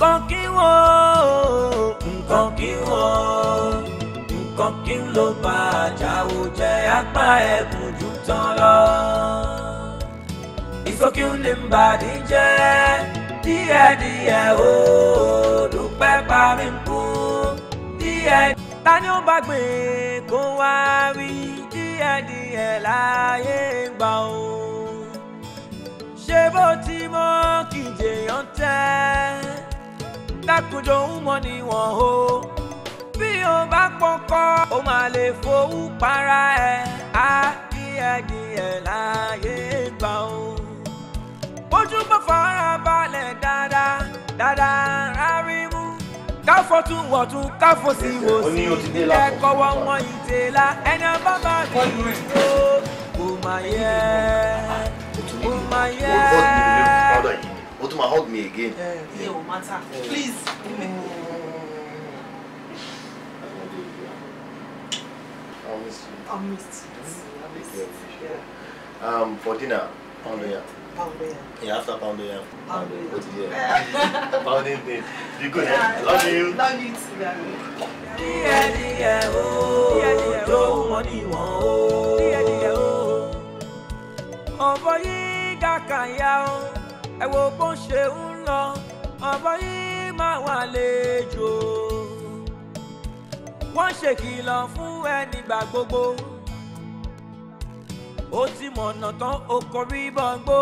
nǹkan kí wo nǹkan kí wo nǹkan kí ló bá àjàwò jẹ apá ẹkùn jù tán lọ. ìsókí ń lè bà ní jẹ́ díẹ̀díẹ̀ o dúpẹ́ parí ń kú díẹ̀. ta ni ó bá gbé kó wá rí díẹ̀díẹ̀ láyé gbà o ṣé bó ti mọ kìjèyàn tẹ́ dákúnjọ ń mọ níwọ̀n o bí o bá pọkọ o máa lè fowó para ẹ á láàyè gbà o. bójú bá fara balẹ̀ dáadáa dáadáa rárí mú káfọ́ tún wọ̀ tún káfọ́ sí wò sí ẹ̀kọ́ wọ́n wọ́n ìtẹ̀lá ẹni ọba bá mi tó kò má yẹ kò má yẹ o tún ma hug me again. Yeah, o matter please. I missed you. I missed you. Yeah. Um, for dinner, pound yeah. Pound yeah, after pound yeah. Pound yeah. Pounding thing. You good. Eh? Yeah, love you. Love you too, darling. Díẹ̀ díẹ̀ ooo, tó wọ́n ní wọ́n ooo. Díẹ̀ díẹ̀ ooo, ọ̀bọ yìí gàkànyà ooo ẹ wo bó ń ṣe ń lọ ọ̀bọ yìí máa wà lẹ́jọ́ wọ́n ṣèkìlọ̀ fún ẹ nígbà gbogbo ó ti mọ̀nà tán ó kọrí bọ́ngbó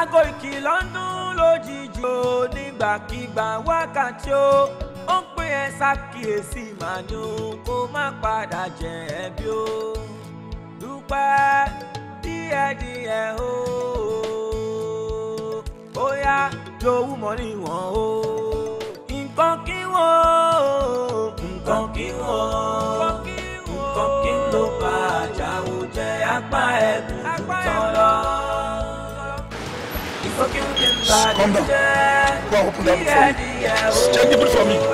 aago ìkìlọ̀ ń dún lójijì ó nígbàkigbà wákàtí ó ń pè ẹ́ ṣàkíyèsí màní ó kó má padà jẹ̀bi ó dúpẹ́ díẹ̀díẹ̀ ó bóyá lówó mọ́ ni wọ́n o. nǹkan kí wọ́n nǹkan kí wọ́n nǹkan kí ló bá àjàwò jẹ́ apá ẹ̀kún tán lọ. Calm down. Go open that for me. Check the food for me. You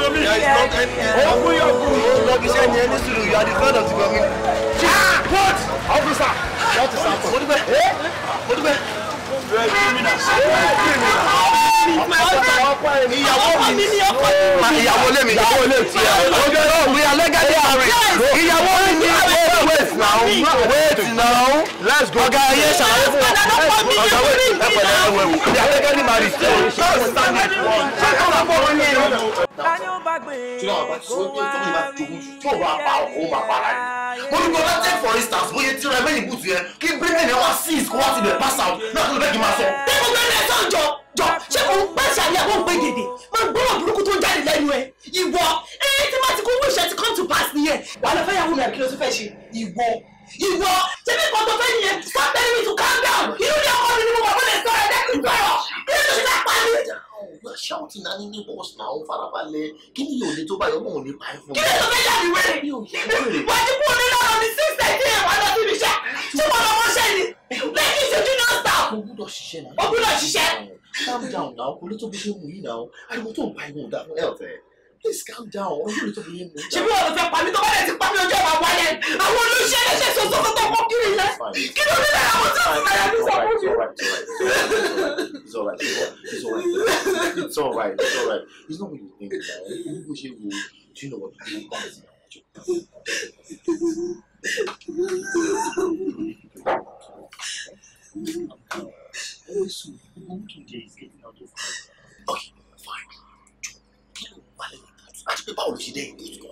know me. Open your food. No, you say any suru. You are the friend of the community. Ah! What? Officer. Ah! What is happening? mo dúpẹ́. ìyàwó mi ni ọkọ mi. ìyàwó lèmi ìyàwó lèmi tiẹ̀. ìyàwó mi ni ọkọ mi. ìyàwó mi ni ọkọ mi wait now wait now let's go. ọ̀gá ayé ṣàlàyé fún wa ọ̀gá wait ẹ pẹ̀lú ẹ wẹ̀ wò bí akẹ́kẹ́ ní màrí sí ọ̀hún ṣé kò sáni ṣé kò máa bọ̀ wọ́n ní ẹ̀rọ. tani ó bá gbé e kó wá rí tó bá pa ọkọ ó máa para ni. mo ní bọ́lá take for instance mo yẹ tí ra mẹ́yìn bùtù yẹn kí bíríkì yẹn wá six kó wá ti bẹ̀ pass out náà kí ló bẹ́ẹ̀ kí máa sọ. bí mo bẹ́ẹ̀ lẹ́sọ̀ jọ jọ ṣé kò ń pèsè àyè àwọn òpè gèdè máa gbọ́dọ̀ burúkú tó ń jáde lẹ́nu ẹ̀ ìwọ ẹ̀ tí má ti kó wíṣẹ́ ti come to pass nìyẹn wàá lọ woman kí ló tún fẹ́ ṣe ìwọ ìwọ tẹ́lẹ̀ kan tó fẹ́ yẹn stop telling me to calm down inú ní ọkọ mi ni mo wà fún ẹ̀sọ́ ẹ̀dẹ́kùn gbọ́rọ̀ kí ló tún fẹ́ pa mí. you are shouting na nínú bọ́ọ̀sì náà ó farabalẹ̀ kí ni yóò ní tó bá yọmọ òní pa ẹ fún mi. kí ló tún fẹ́ yàrá ìwé rẹ̀ wọ́n ti kú nínú ọ̀rọ̀ ní six thirty ẹ̀ wá lọ síbi iṣẹ́ tí mo lọ mọ́ṣẹ́ ni lẹ́yìn ìṣẹ́jú náà sà. o gbúdọ̀ ṣiṣẹ́ náà. o gbúdọ̀ ṣiṣẹ́. calm down now kò ní tó bí ṣe mú yìí náà ariwo tó ń pa ìwọ̀n dà fún ẹ̀ ọ̀fẹ́ please calm down ọ̀rọ̀ mi tó fi yé mi. ṣé bí ọ̀rọ̀ fẹ́ pa mí tó bá lè ti pa mí ọjọ́ ìwà wáyé àwọn olóṣèlú ẹlẹ́ṣẹ̀ sọ́sọ́ tó tọ́ kiri yẹn kí ló dé lára àwọn tó ń bá yàrá sọ fún mi. it's alright it's alright it's alright it's alright it's not what you think na owó bó ṣe wo do you know what i wan come to you. Also, one two days getting out of hand. Okay. a e Paulus idêntico.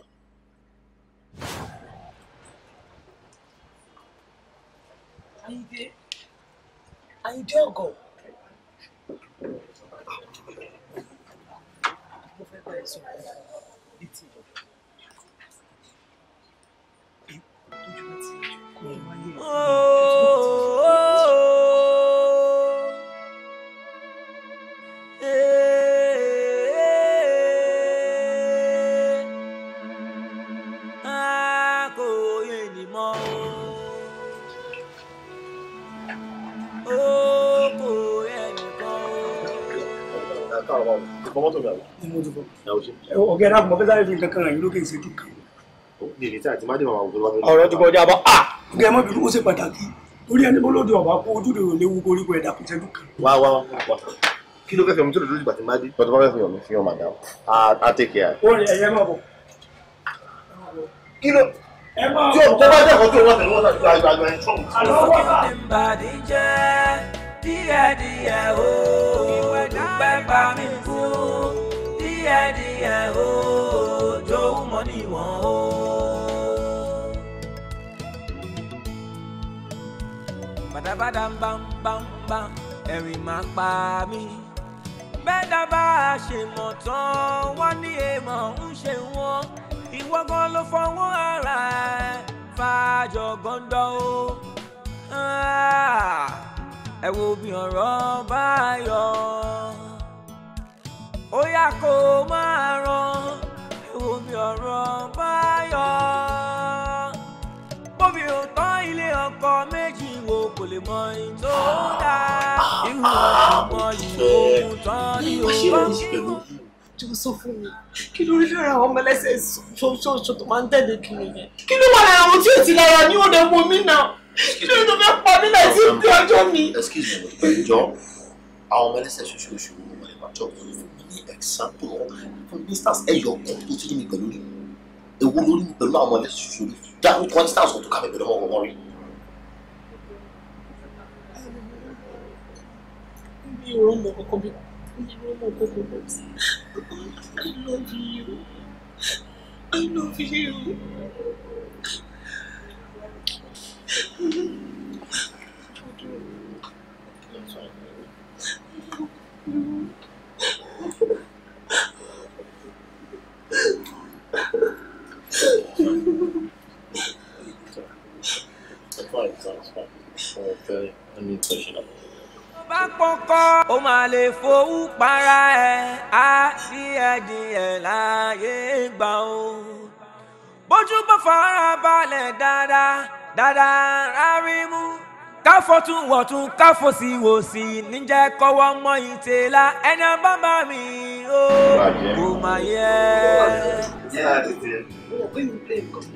e a i o g o Mo fẹ́ bẹ̀rẹ̀ sọ bí j ú bá ti o w káàrọ̀ báwo ìfọwọ́tò mi àlọ́. mo ti fọ ọgá ẹ̀dá àgùnbọ̀n fẹ́sàrẹ́ fi nǹkan kan ràn yín lókè ìṣẹ́jú kan. dèrè tí àti mádìmọ̀ àwọn òṣèlú ọ̀rọ̀ ti kọjá bá a. ọgá ẹ má bínú ó ṣe pàtàkì torí ẹni bọ́lọ́dẹ ọ̀bá kó ojúde rò léwu koríko ẹ̀dá kò ṣẹ́jú kan. wá wá wá kí ló fẹ́ fẹ́ mi tó lè dúró ìgbà tí má bá fẹ́ fi hàn mí fi hàn màdá á tẹ̀kẹ́ ẹ̀. ó rẹ ẹ̀yẹ́ máa bọ̀. kí ló tí o tó bá jẹ́ ọ̀tún wọn tẹ̀lé wọn náà ju àjọ àjọ ẹ̀ tó. àlọ́ wọ́n bá. díẹ̀ díẹ̀ ooo pẹ́ bá mi kú díẹ̀díẹ̀ o jowú mọ́ níwọ̀n o. bàdàbàdà ń bá ń bá ń bá ẹ̀rìn máa pa mí. bẹ́ẹ̀dá bá ṣe mọ̀ tán wọ́n ní èèmọ̀ ń ṣe wọ́n ìwọ gan ló fọwọ́ ara ẹ̀ fàájọ gọ́ńdọ́ o. Ah, ẹ wo bí ọ̀rọ̀ bá yọ ó yá kó máa ràn ewu mi ọ̀rọ̀ báyọ̀ bóbi ò tán ilé ọkọ méjì wo kò lè mọ ìyìn tó dá irú ọmọ yìí ohun tán ni ó bá kú. jọ sọ fún mi kí ló rí lára àwọn ọmọlẹ́sẹ̀ ṣoṣoṣo tó máa ń tẹ̀lé kiri yẹn kí ló wà lára àwọn tí ò ti lára ní òde mú mi náà kí ló tó fẹ́ pa mí láì sí ìdí ọjọ́ mi. excuse me jọ àwọn ọmọlẹ́sẹ̀ ṣoṣoṣo wọn lè máa jọ fún mi example fún instance ẹyọ ọkàn tó ti rí mi pẹ̀lú rí ewu lórí mi pẹ̀lú àwọn ọmọlẹ́sì ṣoṣo rí dárúkọ instance ọ̀tún ká mi ọmọ ọmọ rí. mi ò rán I love you I love you. Mm-hmm. Okay, let me push it up. bá pọ́kọ́ ó máa lè fowó para ẹ̀ á sí ẹ̀dìyẹ láàyè gbà ó. bójú bá fara balẹ̀ dáadáa dáadáa rárí mú. káfọ́ tún wọ̀ tún káfọ́ sí wò sí níjẹ́ kọ́wọ́ mọ́ ìtẹ́lá ẹni bàbá mi ó kò máa yẹ.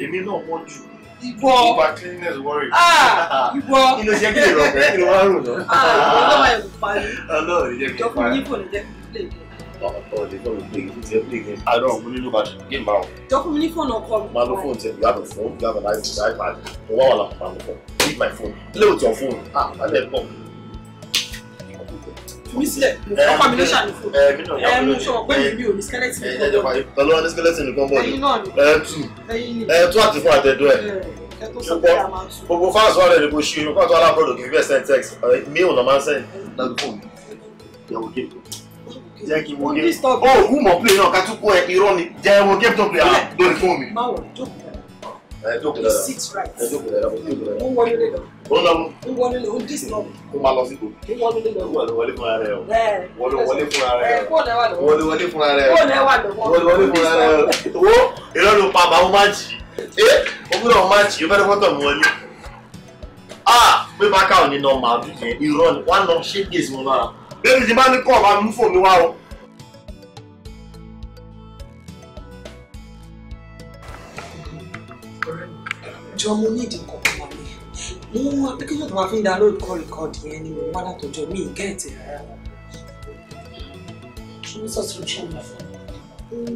èmi náà wọ́n jù ìwọ ìwà cleanness worry ah, ìwọ inú ṣe kí lè rọ bẹ́ẹ̀ inú wa rùn lọ. Ah, ìwọ lọ́wọ́ ẹ̀ kò parí ọlọ́run jẹ́ kí n parí jọkùn nípò ní jẹ́ kí n play game. ọ̀pọ̀ lè fọ́n mi play game tí ẹ play game. àdán ògùn nínú bàtà game báwọn. jọkùn mi ní fóònù ọkọ mi. máa lo fóònù tẹ ìyá fún ìyá láì ní mo wá wà lápapọ̀ leave my phone. lóòótọ́ fóònù ah alẹ́ pọ̀ mi fi mí sílẹ̀ eh, ọkọ mi ló eh, ṣàlù fún mi ẹ mú sọ pé mi ò ní skeleton nìkan bọ̀ tọ́lú wọn ní skeleton nìkan bọ̀ ni ẹ tú ẹ àti fún àtẹ̀dọ́ ẹ gbogbo fans wà lẹ́nu kò ṣe nǹkan tó alábọ̀dọ̀ kì í fẹ́ send text mi ò nà send jẹ́ kí wọ́n game ó wù mọ̀ play náà ká tún kó ẹ irọ́ ni jẹ́ wọ́n game tó play á lórí fóònù mi. ẹ jókòó dáadáa ẹ eh, jókòó dáadáa ó lọ mú. ó wọlé lọ ó disturb. ó máa lọ síbò. kí wọ́n lé lọ. wọlé wọlé fúnra rẹ o. wọlé wọlé fúnra rẹ o. wọlé wọlé fúnra rẹ o. wọlé wọlé fúnra rẹ o. wo irọ́ ló pa bàbá ó má jì í. ẹ o bí wọn má jì í o fẹ́ẹ́ fọ́tọ̀ mi wọlé. a pé bákà ò ní nọ màá dùn yẹn irọ́ ni wọ́n á lọ ṣé days mo lára. bébí ti bá ní kọ́ ọ̀bá mú fòmí wá o. jọ mo ní ìdíkọ mo mọ application tó máa fi ń download call record yẹn ni mo wá látọjọ́ mi ì gẹ́ẹ̀tì rárá. ṣé ní sọ́sọ́ ṣe ń lọ fún mi?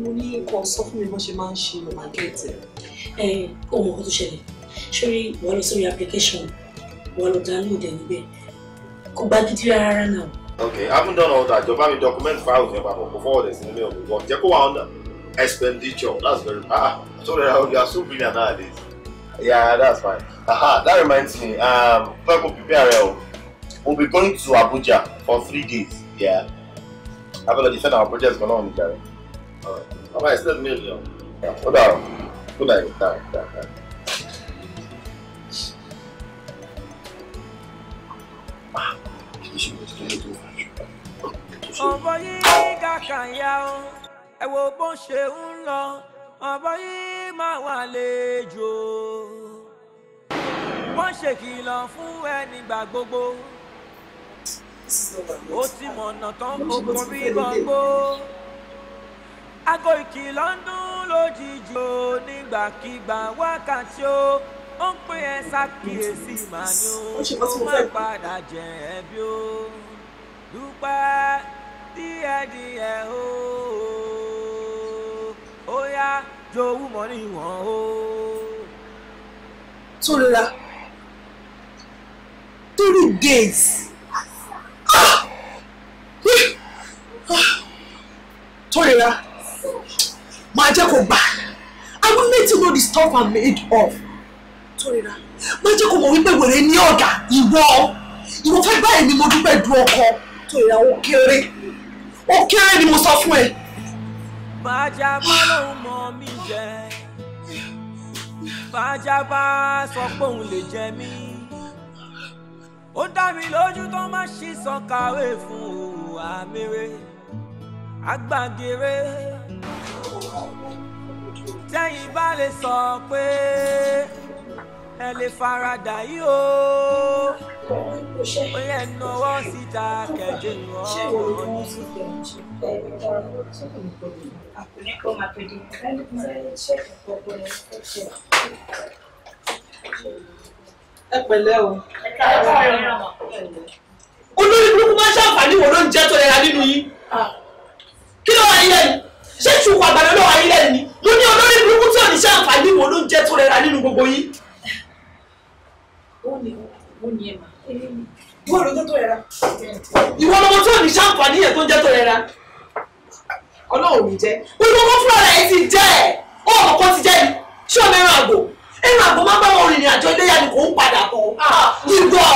mo ní kó o sọ fún mi bó ṣe máa ń ṣe ọmọ gẹ́ẹ̀tì rẹ̀. ẹ ò mọ nǹkan tó ṣẹlẹ̀ sórí wọ́n lọ sórí application wọ́n lọ download ẹ̀ níbẹ̀ kò gbá gidi rárá náà. okay haven't done all that jọba mi document file. yẹn papọ̀ kò fọwọ́ dẹ̀ sí nílé ọ̀gbìn jẹ́ kó wà under expenditure that's very ah, ah sorry you are so brilliant Yeah, that's fine. Aha, that reminds me. Um, Purple PPRL will be going to Abuja for three days. Yeah. I've already said our project is going on, Jerry. Alright. Alright, still million. Yeah, hold on. Good night. Good night. Good night. ọ̀rọ̀ yìí kàkà yà ó ẹ wo bó ọ̀bọ yìí máa wà lẹ́jọ́ wọ́n ṣèkìlọ̀ fún ẹni gbà gbogbo ó ti mọ̀nà tán gbogbo bí gbogbo aago ìkìlọ̀ ń dún lójijì ó nígbàkigbà wákàtí ó ó ń pè ẹ́ ṣàkíyèsí màáyó ó má padà jẹ ẹbí ó dúpẹ́ díẹ̀díẹ̀ ó ó yá jowú mọ́ ní ìwọ̀n o. tó rira three days tó rira máa jẹ́ kó gbà I will let you know the stuff I'm made of tó rira máa jẹ́ kó mọ̀ wípé wèrè ní ọ̀gá ìwọ ìwọ fẹ́ gbá ẹ̀mí mo dúpẹ́ du ọkọ tó rira ó kéré ó kéré ni mo sọ fún ẹ bàjá bá lòun mọ mi jẹ bàjá bá sọ pé òun lè jẹ mí ó dá mi lójú tó má ṣì sàn kàwé fún àmèrè àgbàgèrè tẹ́yìn bá lè sọ pé ẹ lè faradà yìí o ó yẹ náwó síta kẹjọ ìwọ ọ̀rọ̀ yìí ẹ pẹ̀lẹ́ o. olórí burúkú máa ṣàǹfààní wo ló ń jẹ́ tó yẹra nínú yín. kí ló wà nílẹ̀ yìí ṣé ṣùkú àgbàdo ló wà nílẹ̀ yìí mo ní olórí burúkú tí ò ní ṣàǹfààní wo ló ń jẹ́ tó yẹra nínú gbogbo yín. ìwọ ló tó tó yẹra. ìwọ ló tó ní ṣàǹfààní yẹn tó ń jẹ́ tó yẹra ọlọ́run mi jẹ́ gbogbo fúnra rẹ̀ ti jẹ́ ẹ̀ ó ọmọ kan ti jẹ́ ni ṣé o mẹ́rin àgbò ẹ̀rọ àgbò máa ń bá wọn rìnrìn àjò iléyà ni kò ń padà bọ̀ ah. ah, ìgbọ́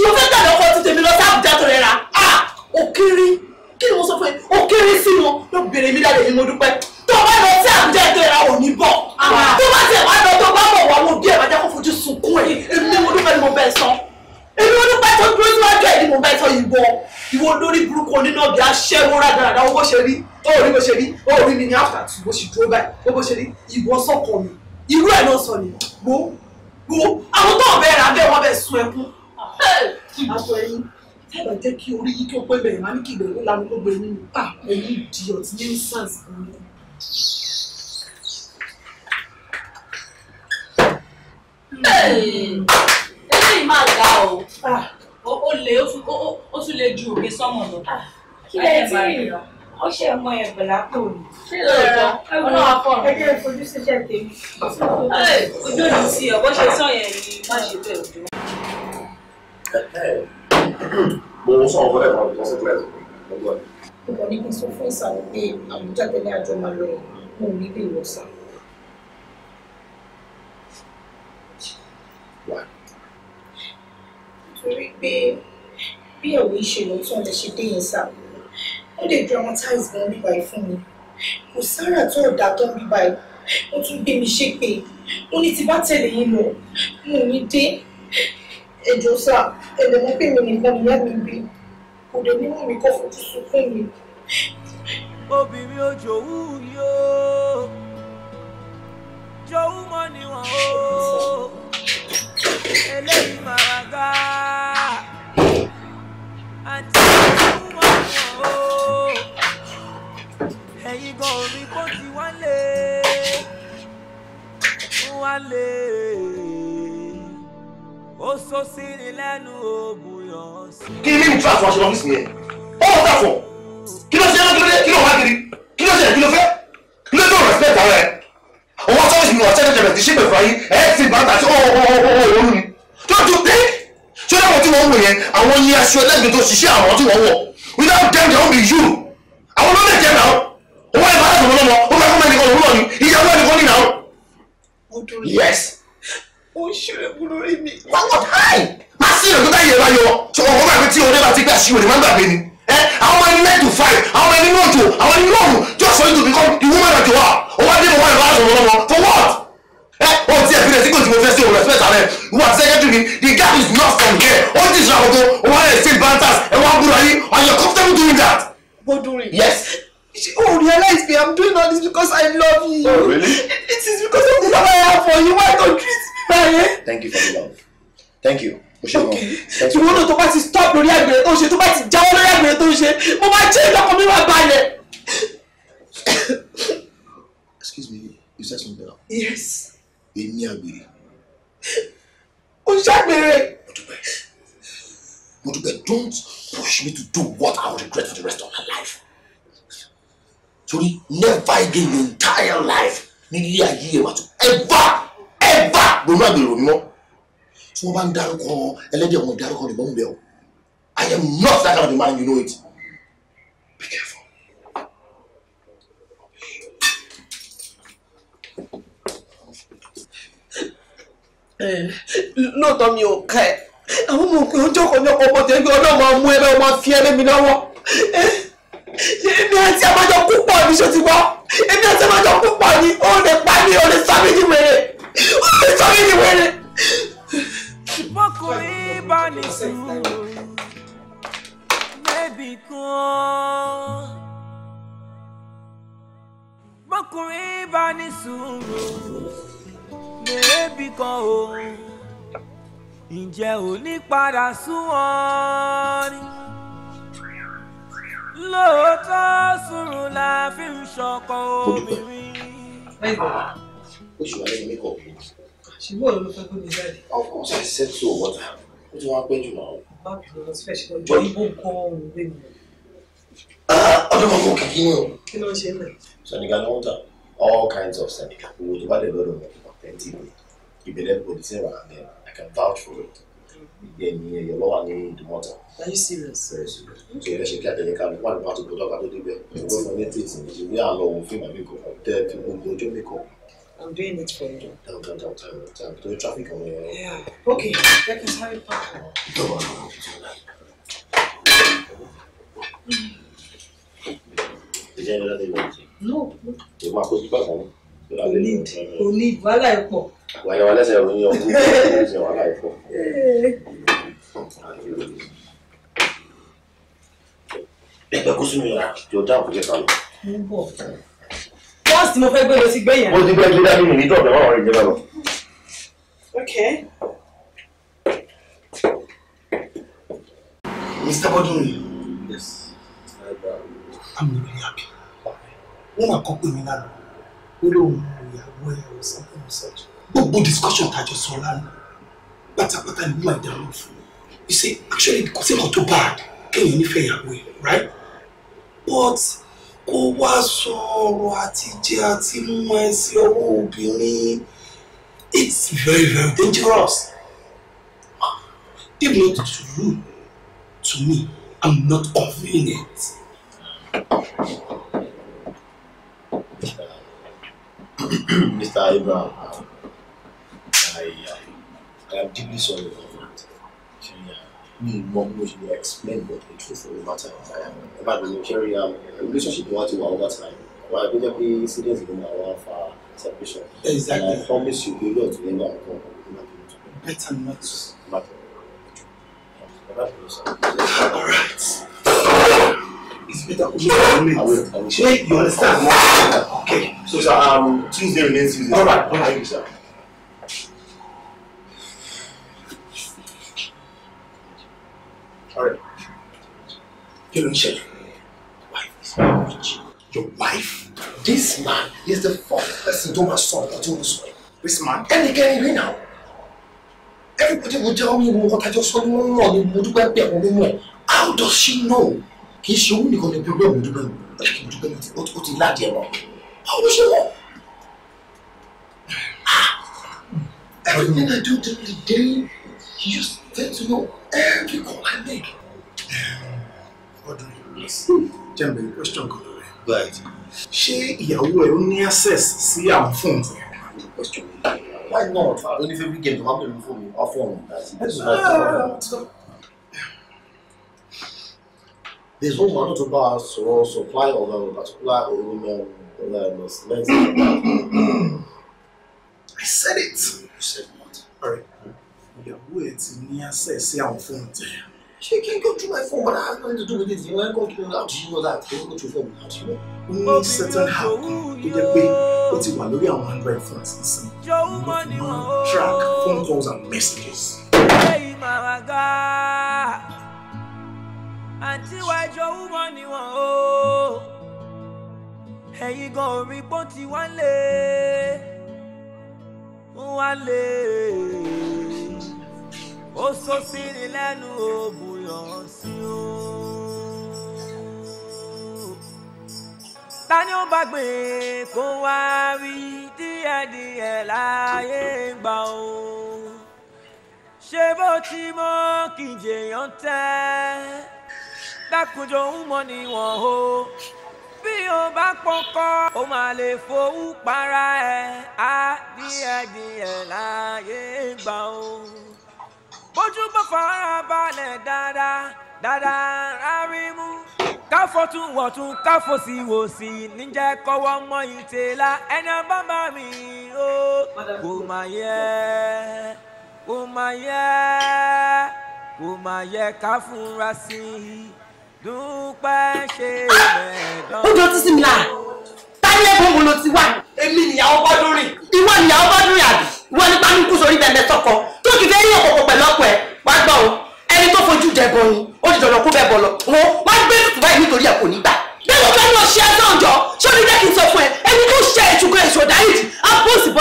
ìwọ fẹ́ tẹ̀lé ọkọ ti tèmi lọ sábùjá tó rẹra ah, òkiri kí ni mo sọ fún yín òkiri sí wọn ló bèrè mi dáadé ni mo dúpẹ́ tó bá lọ sí àbújá ètò ìra ò ní bọ̀ tó bá tiẹ̀ wá lọ tó bá bọ̀ wá mo bí ẹ̀ bàjẹ́ kó fojú sunkún ẹ̀ èmi ni mo dúpẹ́ ni mo bẹ̀ sọ èmi mo dúpẹ́ tó dúró síwájú ẹ̀ ni mo bẹ̀ sọ ìwọ ìwọ lórí burúkú onínàbí aṣẹ́wó rádaràdà owó ṣe rí ó rí bó ṣe rí ó rí mi ní after two bó ṣe dúró báyìí ó bó ṣe rí ìwọ sọkọ mi irú ẹ̀ náà sọ nìyẹn wo wo àwọn tó ọbẹ̀ rà bẹ́ẹ̀ wọ́n bẹ̀ sun ẹkún aṣọ ẹyin fẹ́ẹ̀ jẹ́ kí orí yìí kí o pé bẹ̀rẹ̀ máa ní kí ìbẹ̀rù lanu gbogbo ẹni nù pa ẹni di ọtí ní sars burúkú. eléyìí máa ga o ó ah. lè ó tún lè ju òkè sọmọ lọ. kí lè tí ì ó ṣe mọ ẹ̀bùn lápò mi. ṣé lóòótọ́ ọlọ́run afọ́ mi. ẹ jẹ́ ìfojú ṣiṣẹ́ tèmi. ojú òní sí ọ bó ṣe sọ yẹn ni má ṣe bẹ́ẹ̀ ojú. mo sọ ọkọ ẹ máa lọ sípìlẹ tó gbọ. ọkọ ní kí n sọ fún ìsàlù pé àbújá tẹlẹ àjọ máa lọ mo ò ní lè lọ nítorí pé bí ẹ̀wọ̀ ìṣèlú tí wọ́n ṣe dé yẹn sáà ó lè dramatize gan bíbá yìí fún mi kò sára tó ọ̀dà tó ń bíbá yìí ó tún gbé mi ṣépè ó ní ti bá tẹ̀lé yín lọ mo ní dé ẹjọ́ sá ẹlẹmọ pé mi nìkan ìyá mi bí kò dé nímú mi kó fojú sunkún mi. obìnrin ò jòwú yìí ó jòwú mọ́ ni wọ́n ó. ẹ̀yin gan omi kó ti wálé wálé ó sọ sí ni lẹ́nu oògùn yọ̀ ọ́ sí. kí ni mímu tíra fún aṣọ lọ́fíìsì yẹn ó wọ́n tà fún kí ló ṣe é lọ́dún kí ló wá kiri kí ló ṣe kí ló fẹ́ kí ló tó respect ara ẹ̀ owó sọ́ọ̀sì ni ọ̀sẹ̀ tẹ̀tẹ̀ ti ṣe pẹ̀fọ́ yìí ẹ̀ ti bàtà sí òórùn ni tó tún dé ṣé láwọn tí wọ́n wò yẹn àwọn iye aṣọ ẹlẹ́gbẹ̀ẹ́ tó ṣiṣẹ́ àwọn tí wọ́n wọ̀ without them they won't be you àwọn ló lè jẹ́ náà mi ìyàwó ẹni kò ní ìnáwó. yes. o ṣeré olórí mi. wáwọ táì máa sí ìrìn tó dáyé bá yọ ṣọwọ́ kọ́ bàbá tí orí bá ti gbà sí òní máa ń gbàgbé ni. ẹ àwọn ọmọ ẹni nine to five àwọn ọmọ ẹni ní òjò àwọn ẹni ní òrùn just for you to become the woman of the world o wá dé mọ̀ wáyé báyà sọ̀rọ̀ lọ́wọ́ for what. ẹ o ti ẹ̀fín ẹ̀sìn kò tí mo fẹ́ sí òun respect ààrẹ wà sẹ́kẹ́tì mi the gap is not from here all this rakoto o wá ẹ̀ still banters ẹ̀ wá gbúra yín are you comfortable doing that. bó dúró yìí. yes. She, oh, realize me, I'm doing all this because I love you. Oh, really? It is because of the love I have for you. Why don't you treat me by eh? Thank you for the love. Thank you. Mo ṣe gan. Ìwọ náà tó bá ti stop lórí àgbèrè tó ń ṣe tó bá ti jáwọ́ lórí àgbèrè tó ń ṣe mo máa jẹ́ ìlọ́kọ̀ mi máa balẹ̀. Excuse me, you said something now. Yes. Èmi àgbèrè. O ṣàgbèrè. Mo dúpẹ́. Mo don't push me to do what I will regret for the rest of my life torí never again your entire life nílé ayé ẹ̀ wàá tó ever ever gbọ́nà àgbèrò ni wọ́n tí wọ́n bá ń dárúkọ ẹlẹ́dẹ̀ wọn dárúkọ nìbọn bẹ́ẹ̀ o I am not that kind of a man you know it be careful. Eh, lóòótọ́ mi ò ká ẹ àwọn ọmọ òkè ojú ọkọ̀ ní ọkọ̀ ọkọ̀ tẹ̀lé ọlọ́mọ ọmú ẹ bẹ́ẹ̀ ọmọ fi ẹ lẹ́mi lọ́wọ́. Eh, èmi àti àbájọ púpọ̀ ní ṣe ti wá èmi àti àbájọ púpọ̀ ní ó lè pa ní ó lè sọ mí ní wèrè ó lè sọ mí ní wèrè. bọ́kùnrin bá ní sùúrù mẹ́bí kan bọ́kùnrin bá ní sùúrù mẹ́bí kan o ǹjẹ́ ò ní padà sún ọ́ ni lóòótọ́ sùúrù la fi ń ṣọkọ obìnrin. oṣù alẹ́ ni mẹ́kọ̀ ọ̀pọ̀. ṣùgbọ́n olú fẹ́ kó mi jáde. of course I said so but ó ti wá pẹ́ jù náà. báwo ni mo ti fẹ́ ṣe lọ́jọ́ ìbò gan-an ò gbé mi. Ah, ọdún kan kò kìkì ní o. kí ló ń ṣe náà. Senegal ló ń ta all kinds of Senegal owó tó bá dẹ̀ lọ́dọ̀ mọ̀ plenty ìbẹ̀rẹ̀ pọ̀ dísẹ́wà and then I can vouch for it ìgbẹ́ mi lọ́wọ́ ní ìdúmọ̀tà. Are you serious? Very serious. so ẹ ṣe kí àtẹnika mi wà ní pàtó gbọdọ̀ ká tó débẹ̀ ẹgbẹ́ fún ní tèèsì nìyí bí àlọ́ òun fíìmù mi kò kàn tẹ́ fi gbogbo ọjọ́ mi kọ. I'm doing it for you. Down, down, down, down, down. To the traffic on your. Yeah. Okay. That is how it happened. No, no, no. You want to back on? kò need kò need wàhálà ẹ̀ pọ̀. wàyà wà lẹ́sẹ̀ ìròyìn ọ̀gbìn ẹ̀sìn wàhálà ẹ̀ pọ̀. ẹgbẹ́ kó sínú yàrá yóò dáhùn kó jẹ́ ká lọ. bọ́ọ̀sì mo fẹ́ gbé lọ sí gbé yẹn. mo ti gbé gbé dání mi ní dọ̀dọ̀ wọn rìn jẹ́ okay. Mr. Yes. I'm really happy. Wọ́n máa kọ́ pé mi lánàá ó lóun kò yàwó or something such. But gbogbo discussion just saw tàjọ But but pátápátá ni woman down fún you see, actually kò sí nǹkan tó bad kéèyàn nífẹ̀ẹ́ ìyàwó ẹ right but kó wá sọ ọ̀rọ̀ àtijẹ àti mú ẹ sí obìnrin it's very very dangerous if not to you to me i'm not convenient. Mr. Abraham, I, I, I am deeply sorry for that. Me, mom, no, she will explain what the truth of the matter is. I am about to carry a relationship over to over time. While I will be serious in our for separation. Exactly. And I promise you, we will not remember our call. Better not. Better not. All right it's better to make a moment. Say you understand. Okay. So sir, um, Tuesday remains Tuesday. All right. All right. Thank you, sir. All right. You don't check. Your wife Your wife? This man is the fourth person to my son that this way. This man. And again, right now. Everybody will tell me what I just want to know. How does she know? kì í ṣe owó nìkan ni pẹ̀lú ìdúpẹ́ ìdúpẹ́ ó ti láàdì ẹ̀wọ̀n báwo ló ṣe wọ̀. Ah! Everything I do during the day, you just get to know every call I make. Ọdún um, jẹ́mbẹ̀ question kan lórí. Ṣé ìyàwó ẹ̀ ó ní access sí àwọn fóònù rẹ̀? Why not? I don't even get to have a phone. I'll phone. That's ah, not a problem there's no one tó bá a sọ̀rọ̀ supply of um, particular um, I said it. You said what? Alright. Ìyàwó ẹ̀ ti ní access sí àwọn fóònù tẹ̀. She can go through my phone, but I have nothing to do with it. You know, to go through how do you know that? You go through phone, how you know? Ó ní certain hack tó jẹ́ pé ó ti wà lórí àwọn android phones nísìnyí. Mo máa track phone calls and messages. Ṣé ìmọ̀ àga? àǹtí wa jowú mọ́ ni wọ́n o ẹ̀yin gan orí pọ́ ti wá lé wá lé ó sọ sí ni lẹ́nu sí o. ta ni ó bá gbé kó wá rí díẹ̀díẹ̀ láyé gbà o ṣé bó ti mọ kìjèèyàn tẹ́ dákunjọ ń mọ níwọ̀n o bí o bá pọkọ o máa lè fowó para ẹ á láàyè gbà o bójú bá fara balẹ̀ dáadáa dáadáa rárí mú káfọ́ tún wọ̀ tún káfọ́ sí wò sí níjẹ́ kọ́wọ́ mọ ìtẹ́lá ẹni ọba mi ó kò má yẹ kò má yẹ kò má yẹ ká sí i ó jọ tí sí mi lára táyé ẹ̀gbọ́n mo lo ti wá èmi nìyàwó bá lórí ìwọ nìyàwó bá lórí àbí ìwọ nípa ní kú sórí bẹ̀rẹ̀ sọ́kọ tó kì í fẹ́ rí òkòkò pẹ̀lú ọ̀pọ̀ ẹ̀ wá gbọ́ o ẹni tó fojú jẹ gan ni ó ti dọ̀dọ̀ kó bẹ́ẹ̀ bọ̀ lọ wọn wá gbé tutù báyìí nítorí ẹ̀ kò ní gbà. bẹ́ẹ̀ ló fẹ́ lọ ṣe ẹ́ náà jọ ṣé o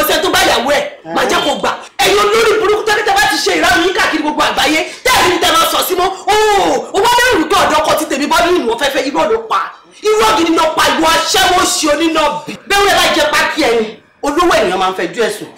máa ń fẹjú ẹ̀sùn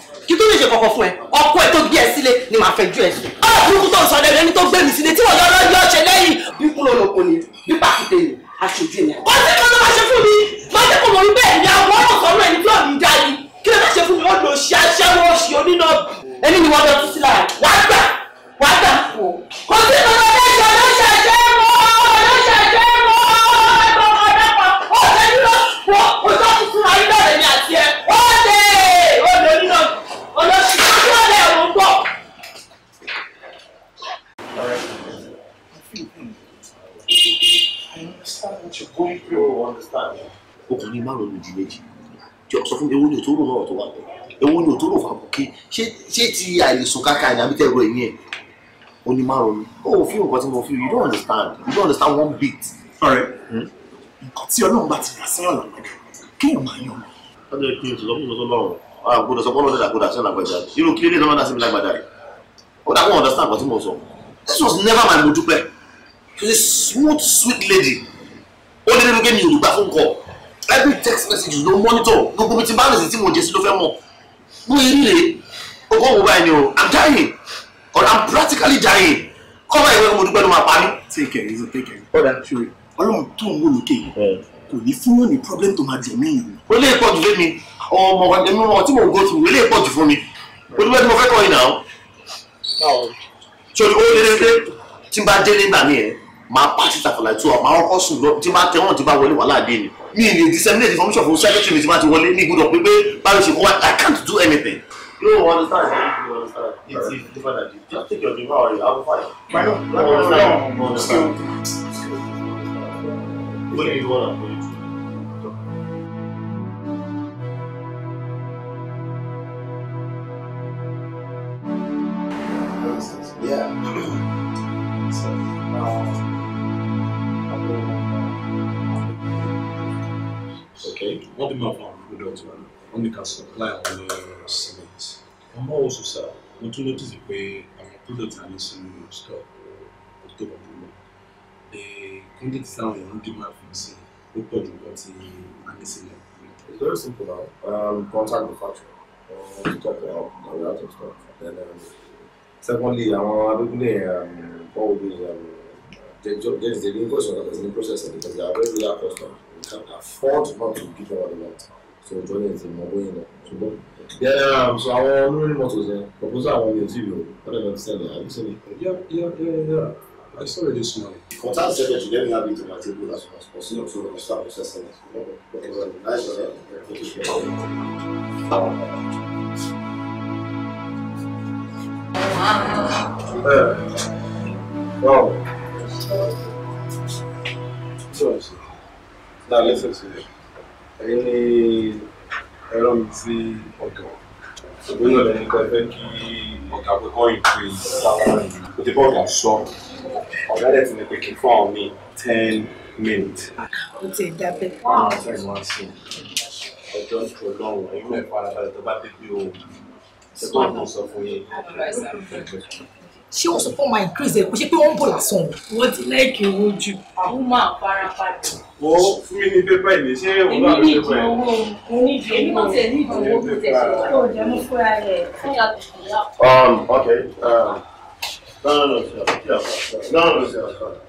sùn káàkiri àyìn àbí tẹ̀rọ ẹ̀yìn ẹ̀ ó ní má ronú fi nǹkan tí mo fi you don't understand you don't understand one bit. ọ̀rẹ́ hmm? nǹkan tí ọlọ́run bá ti rà sí ọ̀nà kéèyàn máa yàn mọ́. ọjọ́ kí n sọ fún ọlọ́run àgbọ̀dọ̀ sọ fún ọlọ́run àgbọ̀dọ̀ àti ọ̀làgbàdà irú kí lè lọ́wọ́ sí mi lágbàdà rẹ̀ ó dà wọ́n understand nǹkan tí mo sọ this was never my Modupe she was a smooth sweet lady ó lé nínú gémi yorùbá fún kọ every text message ló monitor gbogbo mi ti bá mi sì tí mo jẹ sí ló fẹ́ mọ̀ bó eré rèé owó wo báyìí ni o i'm dying or i'm practically dying kọ́ báyìí wẹ́n mo dúpẹ́ ló máa pa mí. take it easy take it easy. ọ̀dà ṣùgbọ́n ọlọ́run tó ń wò lókè yìí kò ní fún ní problem tó máa jẹ̀mí yìí. ó lè pọ̀ jù fún mi ọmọ ẹ̀mí wọn tí mò go through ó lè pọ̀ jù fún mi mo dúpẹ́ tí mo fẹ́ kọ́ yìí náà. sori ó lé lé tí n bá dé nígbà mi yẹn máa pa síta fàlà tó ọ máa kọ́ sùn lọ tí n tẹ wọn tí n bá wàhálà dé ni mi ì lè information fún secretary mi tí n bá ti wọlé ní ibùdó pé pé báyọ̀ ṣe kọ́ wa i can't do anything. understand. You understand. It's right. different than this. Just take your diva or I'll fight. not? No, Still. What do you want to do? Yeah. Okay. What do you want from the wọ́n ní ká supply àwọn cement àmọ́ oṣù sá mo tún notice pé àwọn product àní sínú stock october tó lọ quantity táwọn èèyàn ń dì máa fi sí ó pọ̀ jù lọ tí a ní sílẹ̀. It's very simple now um, contact the factory or um, to talk about the out of stock then um, secondly àwọn abébílẹ̀ um, bọ́ọ̀ bí they just they dey invoice on that as in the process because they are very real customer we can afford not to give them what they want so ojú ọ̀lẹ́ mọ bóyá náà ṣùgbọ́n um, so àwọn olórí mọ́tòs yẹn proposal àwọn mi ò tí ì lò wọ́n lè àbí sẹ́lẹ̀. yeah yeah yeah yeah I saw it this morning. Contact the secretary, let me have it on my table as soon as possible so we can start processing Nice of you. Wow. So, now listen to ẹ̀yin ni ẹ̀rọ mi sí ọ̀gá òwe náà lẹ́ni kan fẹ́ kí ọ̀gá pé kọ́ ìpè ìsáwọ́ ó ti bọ́ ọ̀gá sọ ọ̀gá dẹ̀ ti ní pé kí fún àwọn mi ten minutes. ó ti dábẹ́. wọ́n á tẹ̀ wọ́n sí ọjọ́ ń tó lọ́wọ́ ẹ̀yin náà fara balẹ̀ tó bá dé bí o ṣe sọ fún yín ṣé wọ́n sọ pé wọ́n máa increase ẹ̀ kó ṣe pé wọ́n ń bọ̀ lásán o. wọ́n ti lẹ́ẹ̀kì owó jù àwọn máa fara padà. o fún mi ní pépà ìlé ṣé òun náà ló pépà ẹ̀. èmi ní ìdí owó èmi náà tẹ̀ ní ìdí owó tó tẹ̀ sọ̀rọ̀ tó jẹ́ mú fúra rẹ̀ fún yàtọ̀ ìyá. Um, ok náà lọ sí àkàtà náà lọ sí àkàtà.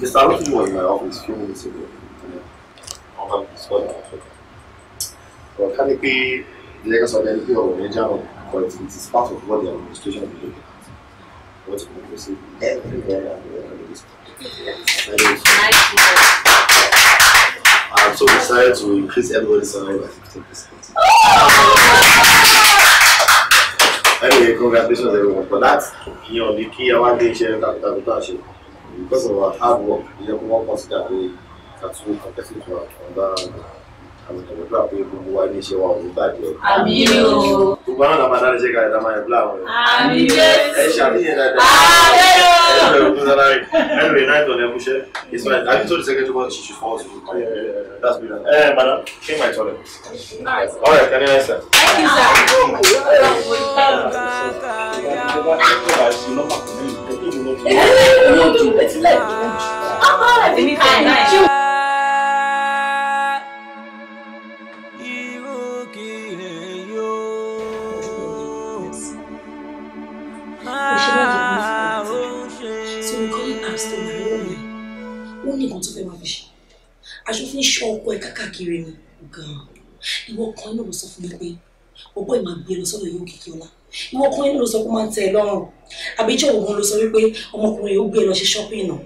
Mr. Ruffin was in my office a few minutes ago. Organically, the Lagos Organically so we decided to increase everybody's Anyway, congratulations everyone. But that's, you know, the key I want to share with Because of our hard work, you know, kàtún kàkẹ́sì tó ọ̀dà àwọn ìgbà pé gbogbo wa ní ṣe wa òun bàjẹ́. àmì o. gbogbo àwọn àmà náà ṣe ká ẹ̀dá máa ẹ̀bùlà wọn. àmì jésù. ẹ ṣàníyàn dáadáa. àmì o. ẹ bẹ̀rẹ̀ ogun sára rẹ̀ ẹ bẹ̀rẹ̀ náà ìtọ̀lẹ̀ ẹ̀múṣẹ́. it's my i been told the secretary what she should fall to. that's brilliant. ẹ madam clean my toilet. all right can you answer. thank you sir. ṣé o. nǹkan tó fẹ́ máa fi ṣe aṣọ fi ń ṣọ ọkọ ẹ kákàkiri ni gan-an ìwọ kan inú ló sọ fún mi pé ọgbọ́n ìmọ̀ àgbẹ̀ lọ sọ́dọ̀ yóò kìkì ọlá ìwọ kan inú ló sọ pé ó máa ń tẹ ẹ lọ́rùn àbíjọ òògùn ló sọ wípé ọmọkùnrin yóò gbé ẹ e lọ ṣe shopping náà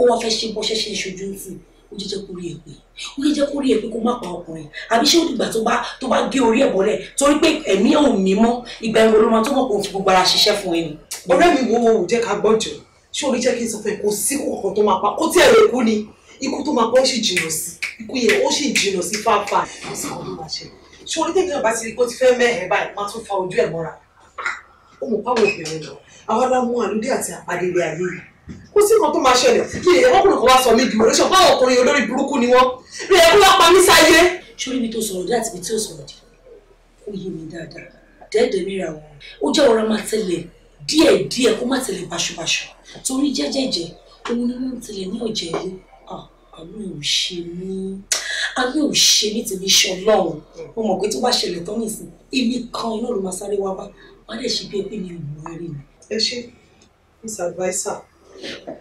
ó wá fẹ́ ṣe bọ́ ṣẹ́ṣẹ́ ìṣojú ń fún ó jẹ́ jẹ́ kó rí ẹ pé ó jẹ́ jẹ́ kó rí ẹ pé kó má pa ọkùnrin àbí ṣé ó dìgbà tó bá tó bá gé orí ẹ̀ bọ́lẹ̀ torí pé ẹ̀mí ẹ̀ ò ní mọ́ ìgbà ìwòlómọ tó mọ̀ kó fi gbogbo ara ṣiṣẹ́ fún ẹni. ọ̀rẹ́ mi wo jẹ́ ká gbọ́jọ́ ṣé orí jẹ́ kí n sọ fún ẹ kò sí kankan tó máa pa kó tí ẹ lè kú ni ikú tó máa pọ̀ sì jìnnà sí ikú yẹn ó sì jìnnà sí fáfá kò sí kankan tó máa ṣe ṣé orí tẹ̀mí náà bá ti rí pé ó ti fẹ́ mẹ́ẹ̀ẹ́ báyìí máa tún fa ojú ẹ̀ mọ́ra ó mọ̀ pàwọ̀ obìnrin lọ àwọn aláwọ̀ àlùdí àti àpadélé ayé yìí kò sí nǹkan tó máa ṣẹlẹ̀ bí ọkùnrin kan wá sọ mí di oríṣi ọ̀pá ọkùnrin olórí burúkú ni wọ́n bí ẹ kó wá sáyé. sórí mi tó sọ̀rọ̀ dé àti mi tí ò sọ̀rọ̀ dé ó yé mi dáadáa dẹ́ẹ̀dẹ̀ níra wọn ó jẹ́ ọ̀rọ̀ máa tẹ̀lé díẹ̀díẹ̀ kó má tẹ̀lé báṣubàṣu torí jẹ́jẹ́jẹ́ òun ni wọ́n ń tẹ̀lé ní ọ̀jẹ̀ ilé àánú ò ṣe mí àánú ò ṣe mí tèmi ṣe ọlọ́run mo mọ̀ pé tó bá ṣẹlẹ̀ tán nìsín èmi kan iná ló máa sáré wá bá má dẹ̀ ṣe bí ẹ pé mi ò mọ eré mi. ẹ ṣe miss Advisor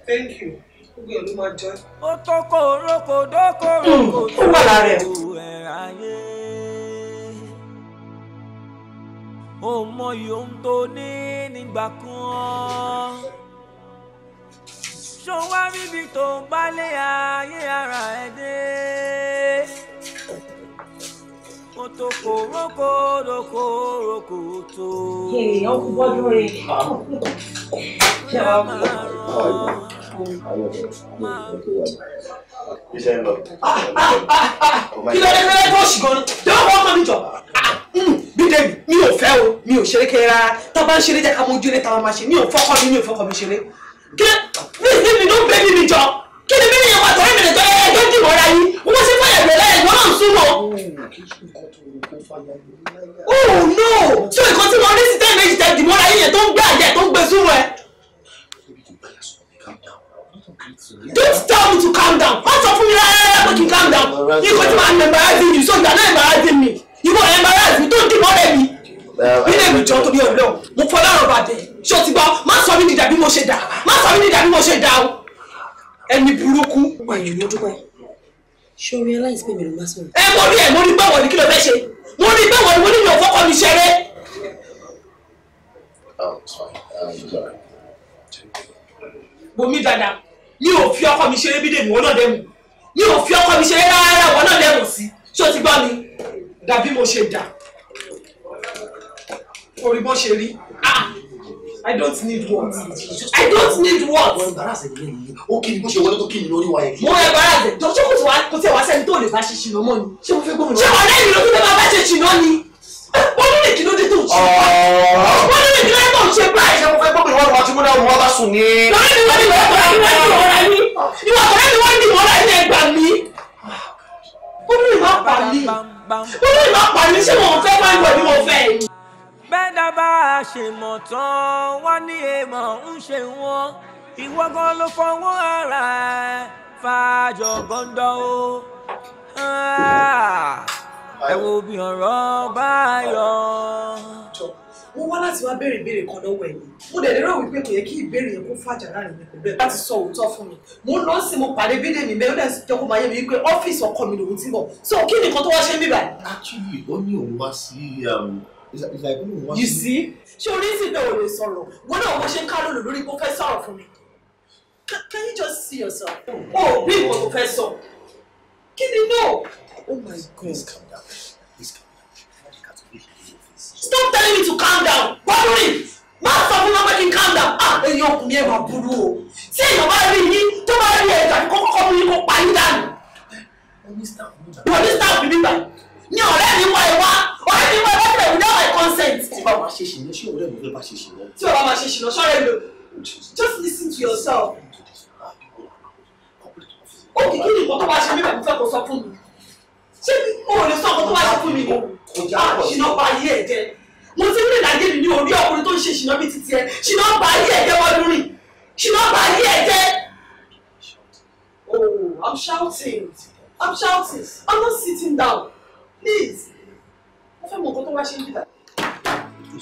thank you gbogbo ẹ̀ ló máa jẹ́. ó tó kó orókòdókòrókòdó ó mọyì ohun tó ní nígbà kan ṣó wá ríbi tó ń balẹ̀ ayé ara ẹ̀ dé kòtòkò rókò rókò rókò tó. èèyàn kú kí ló dé fẹ́rẹ́ tó gan-an tí wọ́n fọ́ mi jọ. Hmm, bídèmí mi ò fẹ́ o mi ò ṣeré kéré rárá tá bá ń ṣeré jẹ́ ká mojú ilé tá máa ṣe mi ò fọ́kọ́ mi mi ò fọ́kọ́ mi ṣeré kí ni mi ló ń bẹ́ mi jọ kí ni mi nìyẹn wà tọ́rẹ́ mi nìjọ ẹ tó dì mọ́ra yín wọ́n ṣe fàyà gbẹ láyé ìwọ náà ń sún oh no so nǹkan tí wọ́n ní sí ten méjì tẹ̀ dì yín yẹn tó ń gbé àjẹ́ tó ń gbé sún rẹ̀. Don't tell me to calm down. Wọ́n sọ fún mi rárá rárá pé kí n calm down. Nǹkan tí màá ń embarrassing me ìwọ ẹ̀ máa ráàfù tó ń dìbò rẹ̀ mi nílé ìjọ torí ọ̀lọ́ mo fọ láàrọ̀ bàdẹ̀ ṣé o ti gbọ́ má sọ mí ní dàbí mo ṣe dà má sọ mí ní dàbí mo ṣe dà o ẹni burúkú. ẹ̀yìn ló dúpẹ́ ṣé o realize pé mi ló máa sọ̀rọ̀. ẹ mo rí ẹ mo rí báwọ̀ ní kí ló fẹ́ ṣe mo rí báwọ̀ ní mo ní mi ò fọ́kọ́ mi ṣeré. bomi oh, dada mi ò fi ọkọ mi ṣeré bídèmí wọn náà dẹ́mu mi ò fi ọkọ mi ṣeré rárá wọn náà dẹ́mu sí ṣé o ti gbọ́ mi dàbí mo ṣe dà orí bó ṣe rí ah i don't need what i don't need what. wọ́n embarrass ẹ̀ nílé yìí ó kí ni bó ṣe wọlé tó kí ni lórí wa yẹn. mo embarrass ẹ̀ jọ ṣé kò tí wàá kò tí wàá sẹ́ni tó lè bá ṣe ṣìnà mọ́ ni. ṣé mo fẹ́ gbóhùn lọ. ṣé wọn lẹ́yìn ló tún fẹ́ bá ṣe ṣìnà ni. wọ́n ní kí ló dé tó ń ṣe báyìí. wọ́n ní kí ló dé tó ń ṣe báyìí. ṣé mo fẹ́ gbóhùn lọ́wọ́ tí mo dá wọn bá sùn ni. lórí mi wọ́n ní wọ́n ní wọ́n ní wọ́n ní bá ń. ó ní ìmọ̀ pa ṣé mo fẹ́ máa ń wẹ̀ ni mo fẹ́ ni. bẹ́ẹ̀dá bá a ṣe mọ̀ tán wọ́n ní èèmọ̀ ń ṣe wọ́n ìwọ gan ló fọwọ́ ara ẹ̀ fàájọ gọ́ńdọ́ o. Ah, ẹ wo bí ọ̀rọ̀ bá yọ mo wá láti wá béèrè ìbéèrè kan lọ́wọ́ ẹ̀ mo dẹ̀ lérò wípé kò yẹ kí ìbéèrè yẹn kó fàjà láàrin mi pẹ̀lú ẹ̀ láti sọ òótọ́ fún mi mo lọ sí mo pàdé bídè mi bẹ́ẹ̀ ó dẹ̀ jẹ́ kó máa yé mi wípé ọ́fíìsì ọkọ mi lòun ti bọ̀ so kí nìkan tó wá ṣe mí báyìí. actually ó ní òun wá sí um, you see ṣé orí sì bẹ́ẹ̀ ò lè sọ̀rọ̀ wọn náà wọ́n ṣe ń ká lónìí lórí bó fẹ́ sọ̀rọ̀ fún mi can you just see yourself o oh, bí ìwọ tó fẹ́ sọ kí ni no oh my god calm down stop telling me to calm down wàlúùrì má sọ fún wọn pé kí n calm down ah èyí ọkùnrin ẹ̀ máa burú o tí èèyàn bá rí yín tó bá rí ẹ̀ tàbí kókó kọ́ mi kó pa yín dànù. police staff mi bá ní ọ̀rẹ́ mi wá ìwá ọ̀rẹ́ mi wá ìwá pẹ̀lú without my consent. tí bá máa ṣe ṣìnà ṣé ọ̀rẹ́ mi fẹ́ bá ṣe ṣìnà. tí bá máa ṣe ṣìnà ṣọ́ọ̀rẹ́ mi just listen to yourself. ó kì í kí nìkan tó bá ṣe mímọ̀ fẹ́ kó sọ fún mi ṣé o lè sọ ọkọ tó bá ṣe fún mi ni ah, ṣìnà pa ayé ẹ̀ jẹ́ mo ti rí ìdájé mi ní orí ọkùnrin tó ń ṣe ṣìnà bíi titi ẹ ṣìnà bá ayé ẹ̀jẹ̀ wọn lórí ṣìnà bá ayé ẹ̀jẹ̀. Oh, I'm shouting. I'm shouting. I'm not sitting down. Please. Mo fẹ́ mọ nǹkan tó wá ṣe ń bíbà.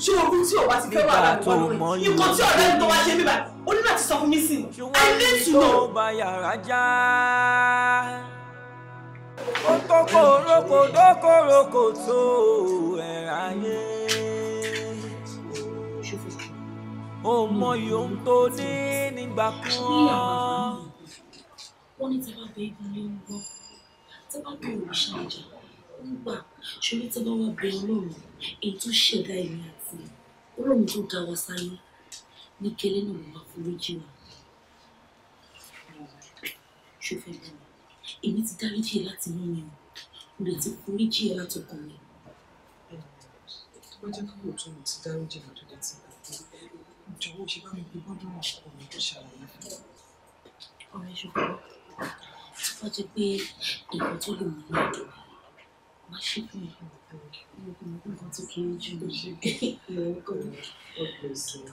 Ṣé ogun tí òwá ti fẹ́ wà láti wọ́n lórí? Nǹkan tí ọ̀rẹ́ mi tó wá ṣe ń bíbà. O ní láti sọ fún mi sí. I need to know. Ṣé o bá yàrá já? Ó tó ẹ̀ráyé. ó mọ ìhun tó ní nígbà kan. wọ́n ní tẹ́lá bẹ igun lé ń gbọ́ tẹ́lá bẹ òrìṣà ìjà ń gbà ṣùgbọ́n tẹ́lá wà bẹ ọlọ́run èyí tó ṣẹ̀dá èmi àti ọlọ́run tó dá wa sáyé ní kélé náà wọ́n máa foríjì wa. èmi ti dáríjì ẹ láti mú mi o mo lè ti foríjì ẹ látọkàn mi. wọ́n jẹ́ kí mo tún mo ti dáríjì lọ́dọ̀ jọ̀wọ́ ṣe bá mi pé bọ́dún ọkọ mi tó ṣàlàyé fún mi. ọ̀rẹ́ ṣùgbọ́n tí wọ́n ti pé nǹkan tó lè mú ní ọ̀dọ̀ má ṣe fún mi nǹkan tó kéré jù lọ ṣe pé ìyàwó kan ọ̀pọ̀ ìsìn.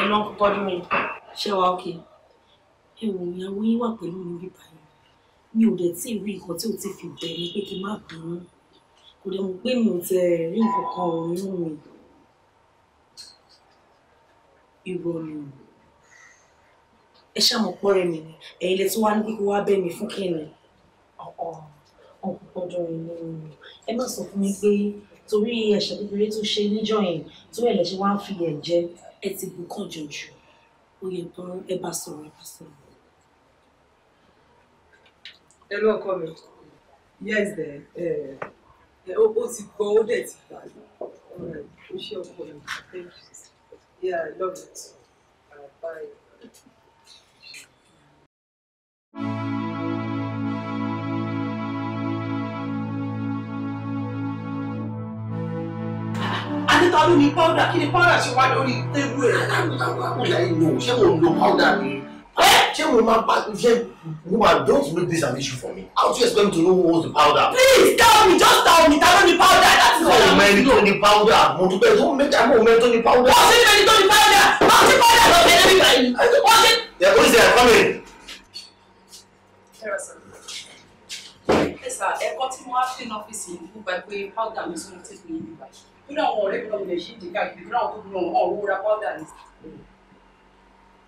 ẹ ló ń kọ́kọ́ dún mi ṣé wàá òkè. Okay ẹ ìyàwó yín wà pẹ̀lú mi bíbá yìí mi ò dẹ̀ tí ì rí nǹkan tí ò ti fi bẹ̀ ni pé kí n má bínú kò dẹ̀ mọ̀ pé mi ò tẹ̀ rí nǹkan kan ò nínú mi irọ́ ni o ẹ ṣàmọ̀pọ̀ rẹ̀ mi ni ẹ̀yin lè tún wá ní kíkó wá bẹ̀ mí fún kìnìún ọ̀ọ́ ọ̀pọ̀pọ̀dọ̀ rẹ̀ ni ẹ má sọ fún mi pé torí ẹ̀ṣẹ̀ kékeré tó ṣe níjọ yẹn tó ẹ̀lẹ́ṣẹ̀ wá ń fi ẹ̀jẹ̀ ẹ ti bù kàn jọ̀jù ó ẹ bá sọ̀rọ̀ ẹ bá sọ̀rọ̀ ẹ lọ ọkọ mi yes ẹ ẹ ó ti gbọ́ ó dẹ̀ ti gbà ó ṣe ọkọ mi thank you yeah i love it uh, bye. adétọ́lù ni powder kí ni powder ṣe wá lórí tébù ẹ̀. aláwọ̀ àwọn àkúlẹ̀ yìí lò ṣé mo lo powder ni. Hey, Chemo, woman, woman. don't make this an issue for me. How do you expect me to know who owns the powder? Please tell me, just tell me, tell me the powder. That is what I'm saying. Momento the powder. Momento, don't make that momento the powder. What's it, momento the powder? What's the powder? Don't tell everybody. What's it? Yeah, who is there? Come in. Ẹ̀kọ́ tí mo wá fi ní ọ́fíìsì yìí fún pẹ̀lú powder mi sórí tètè mi nígbà yìí. Bí náà wọn ò rí ìpínlẹ̀ Nàìjíríà káàkiri, bí náà wọn tó bí wọn ò wúra powder mi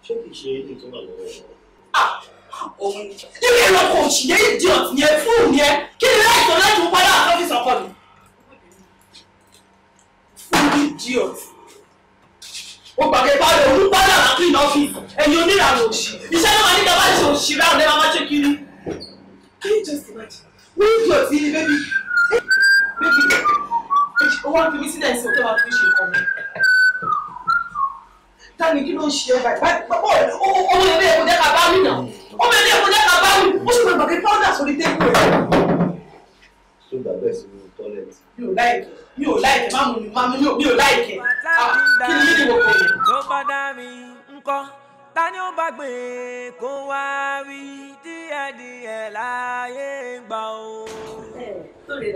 ṣé kìí ṣe èyí tó wà lọ́wọ́ wọn. òun ilé ẹranko òṣìṣẹ́ idiot yẹn fún yẹn kí ni láì tó láti padà àtọ́fíìsì ọkọ mi. fún idiot ó gbàgbé báyọ̀ olùpàdà lápì náà fi ẹ̀yin onírànà òṣì iṣẹ́ náà wà nígbà bá ṣe òṣì rà ọ̀dẹ́ máa ṣe kiri. can you just imagine wọ́n ń jọ sí bébí bébí ó wá fi mí sílẹ̀ sí wá fi ṣe nǹkan mi tani kí ló ń ṣe ẹ báyìí báyìí owó ilé ẹ̀kọ́ jẹ́ ká bá mi nà owó ilé ẹ̀kọ́ jẹ́ ká bá mi ó sì gbàgbé pọ́ńdà sórí tébù rẹ̀. tó gbàgbé sínú tọ́lẹ̀tì. mi ò láìkẹ́ mi ò láìkẹ́ má mu mi má mu mi ò láìkẹ́ kí ni yíyí mo kọ yẹn. bá dá mi ń kọ́ ta ni ó bá gbé kó wá rí díẹ̀díẹ̀ láyé gbà ó tó lè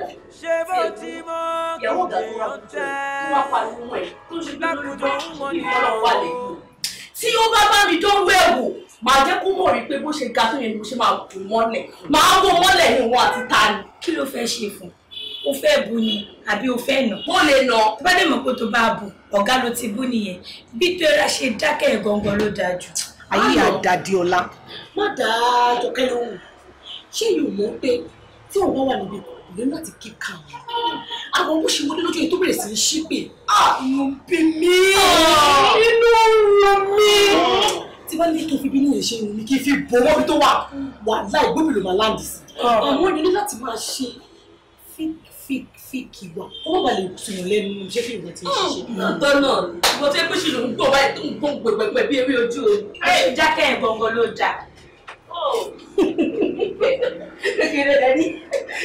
bá bá mi dánwó ẹ̀ wò màá jẹ́ kó mọ̀ rí pé bó ṣe ga tó yẹn ni ṣe máa bò mọ́lẹ̀ máa bò mọ́lẹ̀ ní wọn àti ta ni kí ló fẹ́ ṣe fún o fẹ́ bu ni àbí o fẹ́ nà ó lè nà tó bá dé mọ̀ pé tó bá bù ọ̀gá ló ti bú nìyẹn bí tóra ṣe dákẹ́ gangan ló dáa jù. ayé àdàdì ọlá. má dáa jọkẹ́ lóhùn ṣé yóò mọ̀ pé tí òun bá wà níbi kan yẹn láti kíkà wọn àwọn bó ṣe wọlé lójú yẹn tó bẹ̀rẹ̀ sí í ṣípè inú bí mi inú ro mi tí bá ní tó fi bínú yẹn ṣe ìrùn mi kí n fi bọ́wọ́ bí tó wà wà láì gbóbi ló máa láǹdì sí àwọn ènìyàn láti máa ṣe fíkì wà kó má balẹ̀ tùyàn lẹ́nu ṣé fi ìwọ̀n ti ń ṣiṣẹ́. lọ́tọ́ náà ìwọ̀n tó yẹ pé ṣì ló ń gbọ́ báyìí tó ń gbọ́ gbẹgbẹgbẹ bí eré ojú o jákẹ́ ẹ̀ gbọ̀ngàn ló jà kí lè dẹ ní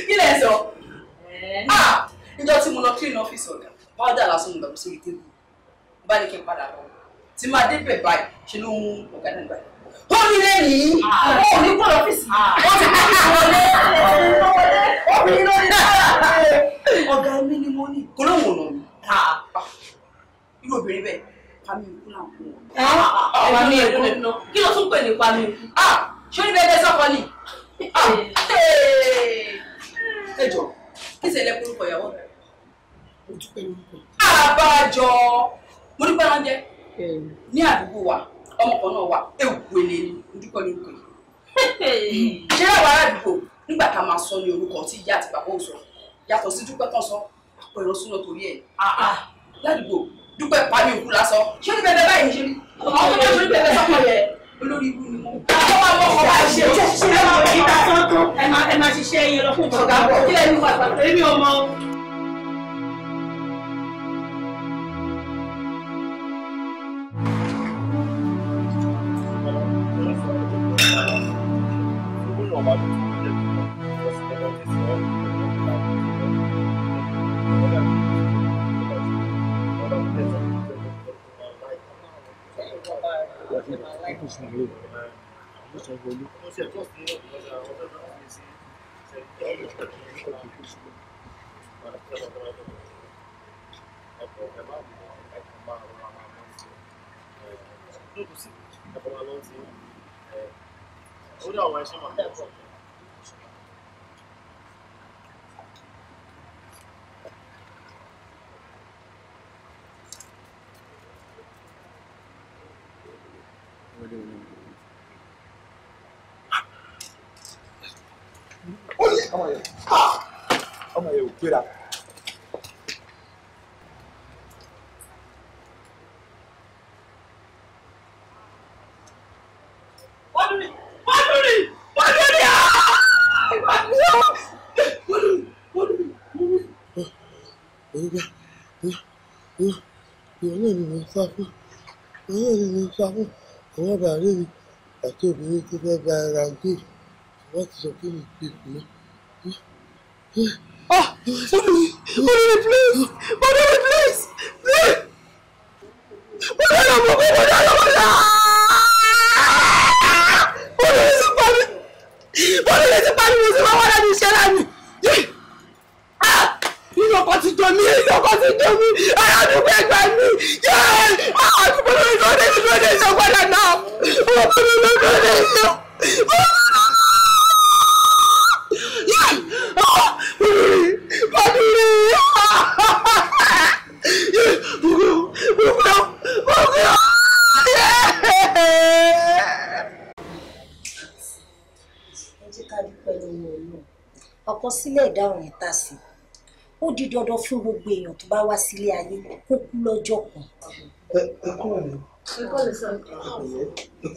kí lè sọ níjọ́ tí mo lọ clean office ọ̀gá powder lásán mo lọ sórí tébù bá ní kí n padà lọ tí máa débẹ̀ báyìí ṣe ló mú ọ̀gá náà gbà ó ní lẹ́yìn àwọn onígbọ̀n lọ́fíìsì wọ́n ti kí wọlé obìnrin lórí náà ọ̀gá mi ni mo ní kó lóun ò nà mí irú obìnrin bẹ́ẹ̀ pàmì ìkú náà kú wọn. pàmì ìkú kí ló tún pè ní pàmì ìkú sórí bẹ́ẹ̀ bẹ́ẹ̀ sọ́kọ ni. ẹ jọ kí ṣẹlẹ̀ kúrúkọ ìyàwó rẹ. mo dúpẹ́ lórúkọ. àbájọ mo dúpẹ́ lọ́njẹ́ ní àdúgbò wa ọmọ kan náà wà ewu ele ni mo dúpẹ́ lórúkọ yìí. ṣé àwọn ará àdúgbò nígbà tá a máa sọ ní orúkọ tí ìyá àti bàbá ò sọ yàtọ̀ sí dúpẹ́ tán sọ àpẹẹrẹ súná torí ẹ̀ ládùúgbò dúpẹ́ pàmì òkú lásán ṣé ní bẹ́ẹ̀ bẹ́ẹ̀ báyìí ṣe rí ọmọ tó bá ṣe rí bẹ́ẹ̀ bẹ́ẹ̀ sọ́kọ yẹn olórí ibú ni mo. àwọn ọmọ ẹ máa ṣiṣẹ́ iye lọ fún ìjọba kí lẹ́nu wà pàtó èmi ọmọ. fún ẹ kó sùn yìí ó sọ wọlé. ó dà wọ́n ẹ ṣe máa ń bọ̀. ọmọ yẹn ọmọ yẹn ò gbéra. ìwọlé mi àti obìnrin tó fẹ́ bá ara gbé wọ́n ti sọ pé mi gbé fún mi. Oh, Odori! Odori, please! Odori, please! Please! please! sílẹ̀ ẹ̀dá ọ̀rìn ta sí ó di dandan fún gbogbo èèyàn tó bá wá sílé ayé kó kú lọ́jọ́ kan. ẹ ẹ kọ́ ọ̀rẹ́ ẹ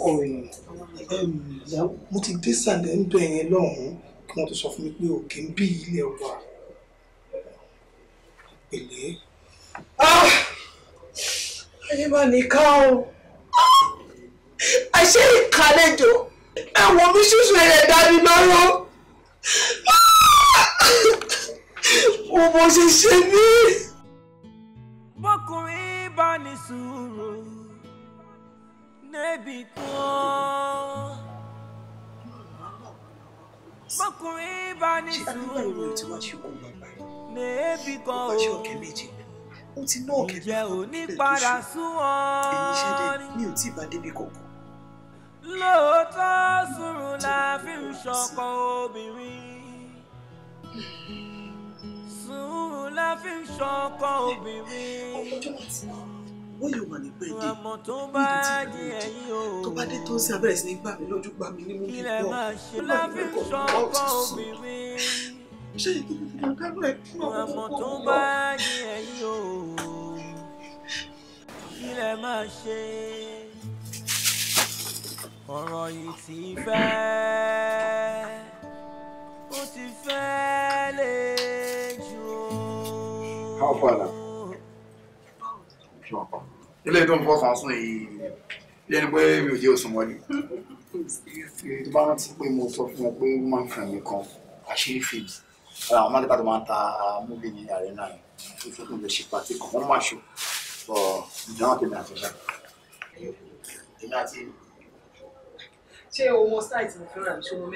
kọ́ ọ̀rẹ́ mo ti dé sàlẹ̀ ń bẹ̀ yẹn lọ́hùn-ún kí wọ́n tó sọ fún mi pé òkè ń bí ilẹ̀ wa pẹ̀lẹ́. ẹni ah! máa nìka o àṣé ìkàlejò ẹ̀wọ̀n mi ṣùṣù rẹ̀ dá mi lọ́wọ́. Ah! mo mọ ṣe ṣe ní. bọ́kùnrin bá ní sùúrù níbi kan bọ́kùnrin bá ní sùúrù níbi kan o ǹjẹ́ ò ní padà sún ọ́ ní lóòótọ́ sùúrù la fi ń ṣọkọ obìnrin sùúrù la fi ń ṣọkọ obìnrin. ọmọdé láti mọ wọ́n yóò wà ní pẹ́ẹ́dẹ́ níbi tí mo jẹ tó bá dé tó ń sin abẹ́rẹ́ sí ní gbà mí lójú gbà mí ní mú mi pọ̀ nígbà tí mo kọ̀ ọ́ ti sùn ṣé ìdílé tó ń ẹ̀ fún ọmọ máa ṣe ọ̀rọ̀ yìí ti fẹ́. How far now? Sure. Ilé tó ń fọ́ fàásùn yìí, bí ẹni pé mi ò jẹ́ oṣù mọ́lẹ̀. Tó bá rántí pé mo sọ fún ọ pé ó máa ń fún ẹ̀mí kan, àṣírí fèjì. Ara àwọn mákẹ́tà tó máa ń ta múbi ní àrẹ́nà yìí, tó fún kí n lè ṣe pàtí kan, wọ́n máa ṣo. Bọ̀ ìdáhùn tèmi àti ìṣá. Èmi àti ṣé o mọ sáìtì mo fẹ́ràn ṣé o mọ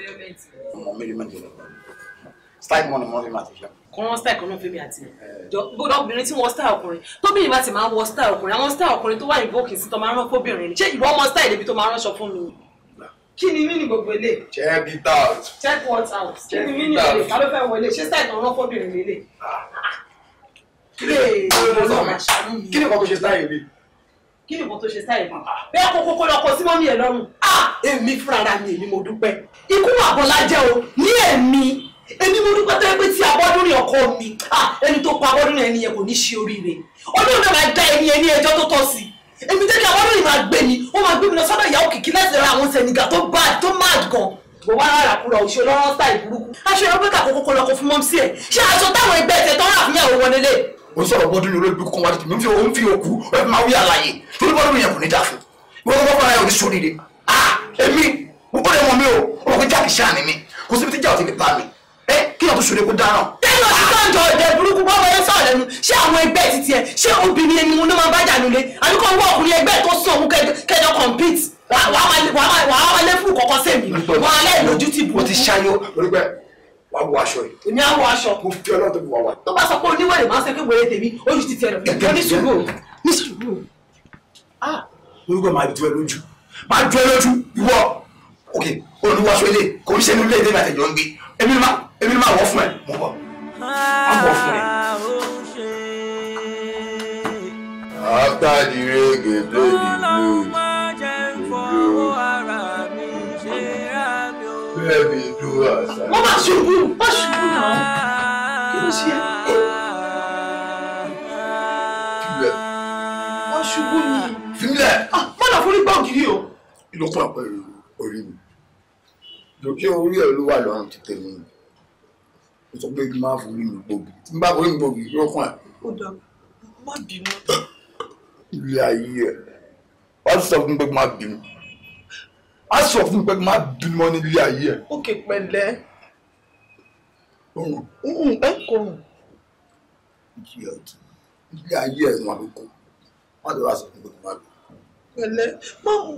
mẹ́rẹ́mẹ́ntì? Mo lọ style mọ́ni mọ́ fi máa ti ṣe. kò wọ́n style kan náà fẹ́mi àti gbọ́dọ̀ obìnrin tí wọ́n style ọkùnrin tóbìnrin bá ti máa ń wọ style ọkùnrin àwọn style ọkùnrin tó wà ìvókì sí tó máa ń rán fóbìnrin ṣé ìwọ ọmọ style ibi tó máa ń ránṣọ fún mi. kí ni mí ni gbogbo ilé. check it out. check what out. kí ni mí ni ilé ká ló fẹ́ wọlé ṣé style tó ń rán fóbìnrin nílé. kí ni kò tó ṣe style mi kí ni nǹkan tó ṣe sáyẹn mọ bẹ́ẹ̀ kókó kó lọkọ sí mọmí ẹ lọ́rùn. Ah! èmi fúnra mi èmi mo dúpẹ́ ikú àbọ̀lájẹ́ o ní èmi èmi mo dúpẹ́ tẹ́lẹ̀ pé tí abọ́dúnrin ọkọ mi ẹni tó pa abọ́dúnrin ẹni yẹn kò ní ṣe oríire ọdún náà máa dá ẹni ẹni ẹjọ́ tó tọ́ sí èmi tẹ́lẹ̀ kí abọ́dúnrin máa gbé mi wọ́n máa gbé mi lọ sọ́dọ̀ ìyá òkìkí láti ra àwọn sẹ̀nìgà tó bá tó máa gan bò wá rárá kúrò òṣèlú lọ́rọ́ sáì burúkú aṣọ ẹ̀rọ pẹ́ka kókó lọ́kọ fún mọ́mísì ẹ̀ ṣé aṣọ táwọn ẹgbẹ́ ẹ̀ tẹ́tọ́ rà fún yàwó wọn lélẹ̀. o sọ̀rọ̀ bọ́dún ní olóògbé kan wá tèmi ó ń fi òkú ẹ máa wí àlàyé torí bọ́dún yẹn kò ní dáa fún ìwọ́n tó bá fara ẹ̀ ò ní sóríire. èmi mo bọ́dọ̀ mọ̀ mi o ọkọ̀ jákèjá ni mi kò síbi tí jáwọ́ ti lè bá mi kí ọ̀tún ṣòro kó dáràn. tẹ́lẹ̀ ọtí sọ̀njọ́ ọ̀dẹ burúkú bọ́ wọlé sọ̀rọ̀ lẹ́nu ṣé àwọn ẹgbẹ́ ti tiẹ̀ ṣé obìnrin ẹni mo ló máa bá jà nílé àbí kò wọ ọkùnrin ẹgbẹ́ tó sàn òun kẹjọ compete wàá wálé fún kọ̀kọ́ sẹ́mi wọ́n alẹ́ ìlójú ti bù. o ti ṣayọ olùgbẹ́ wàá wọ aṣọ yìí. èmi á wọ aṣọ. mo fi ọlọ́run tó fi wà wá. tó bá sọ pé oníwèrè máa ń ṣe pé wèrè tèmi ojú ti tiẹ̀ lọ ní sùúrù ní sùúrù. Ah. olùgbẹ́ máa ju ẹ lójú máa ju ẹ lójú ìwọ ok olùwàṣọ ilé kò ń ṣe ní ilé ìdè àtẹ̀jọ́ ń gbé èmi máa èmi ni màá wọ̀ fún ẹ mo bọ̀ má bọ̀ fún ẹ. after the reggae play the blues the blues baby do as I. wọ́n máa ṣubú wọ́n ṣubú náà kí ló ṣe é. wọ́n ṣubú ni. fílẹ̀. Ah, má lọ fún nígbà ògiri o. ìlú pàpẹ́ orí mi. dòkí orí ẹ̀ ló wà lọ́rùn ti tẹ̀lé mi o sọ pé má forí mi gbòògì tí n bá forí mi gbòògì yóò kàn ẹ́. ó dà má bínú. ilé ayé ẹ wá sọ fún mi pé má bínú wá sọ fún mi pé má bínú mọ́ ní ilé ayé ẹ. òkè pẹ̀lẹ́. ọrùn. ẹ kò ilé ayé ẹ wọn ló kọ wọn wá sọ fún mi pé má bínú. pẹ̀lẹ́ má mú.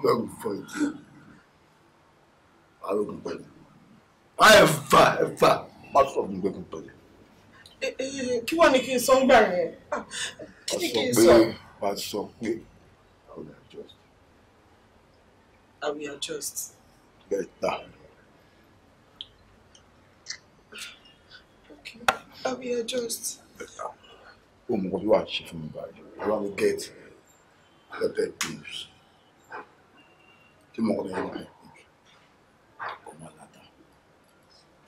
bẹ́ẹ̀ ni fún ìdí ẹ. alógun pẹ̀lú ẹ̀fà ẹ̀fà má sọ fún gbẹ̀gùn tọ̀lẹ̀. kí wọ́n ní kí n sọ ń gbà yẹn ah, kí ni kí n sọ. wàá sọ pé I will adjust. I will adjust. bẹ́ẹ̀ta. Okay. I will adjust. bẹ́ẹ̀ta ó mú kọjú wàá ṣe fún mi báyìí wọ́n á get pepper pills kí mo kọ́ ní ọ̀rọ̀ yẹn.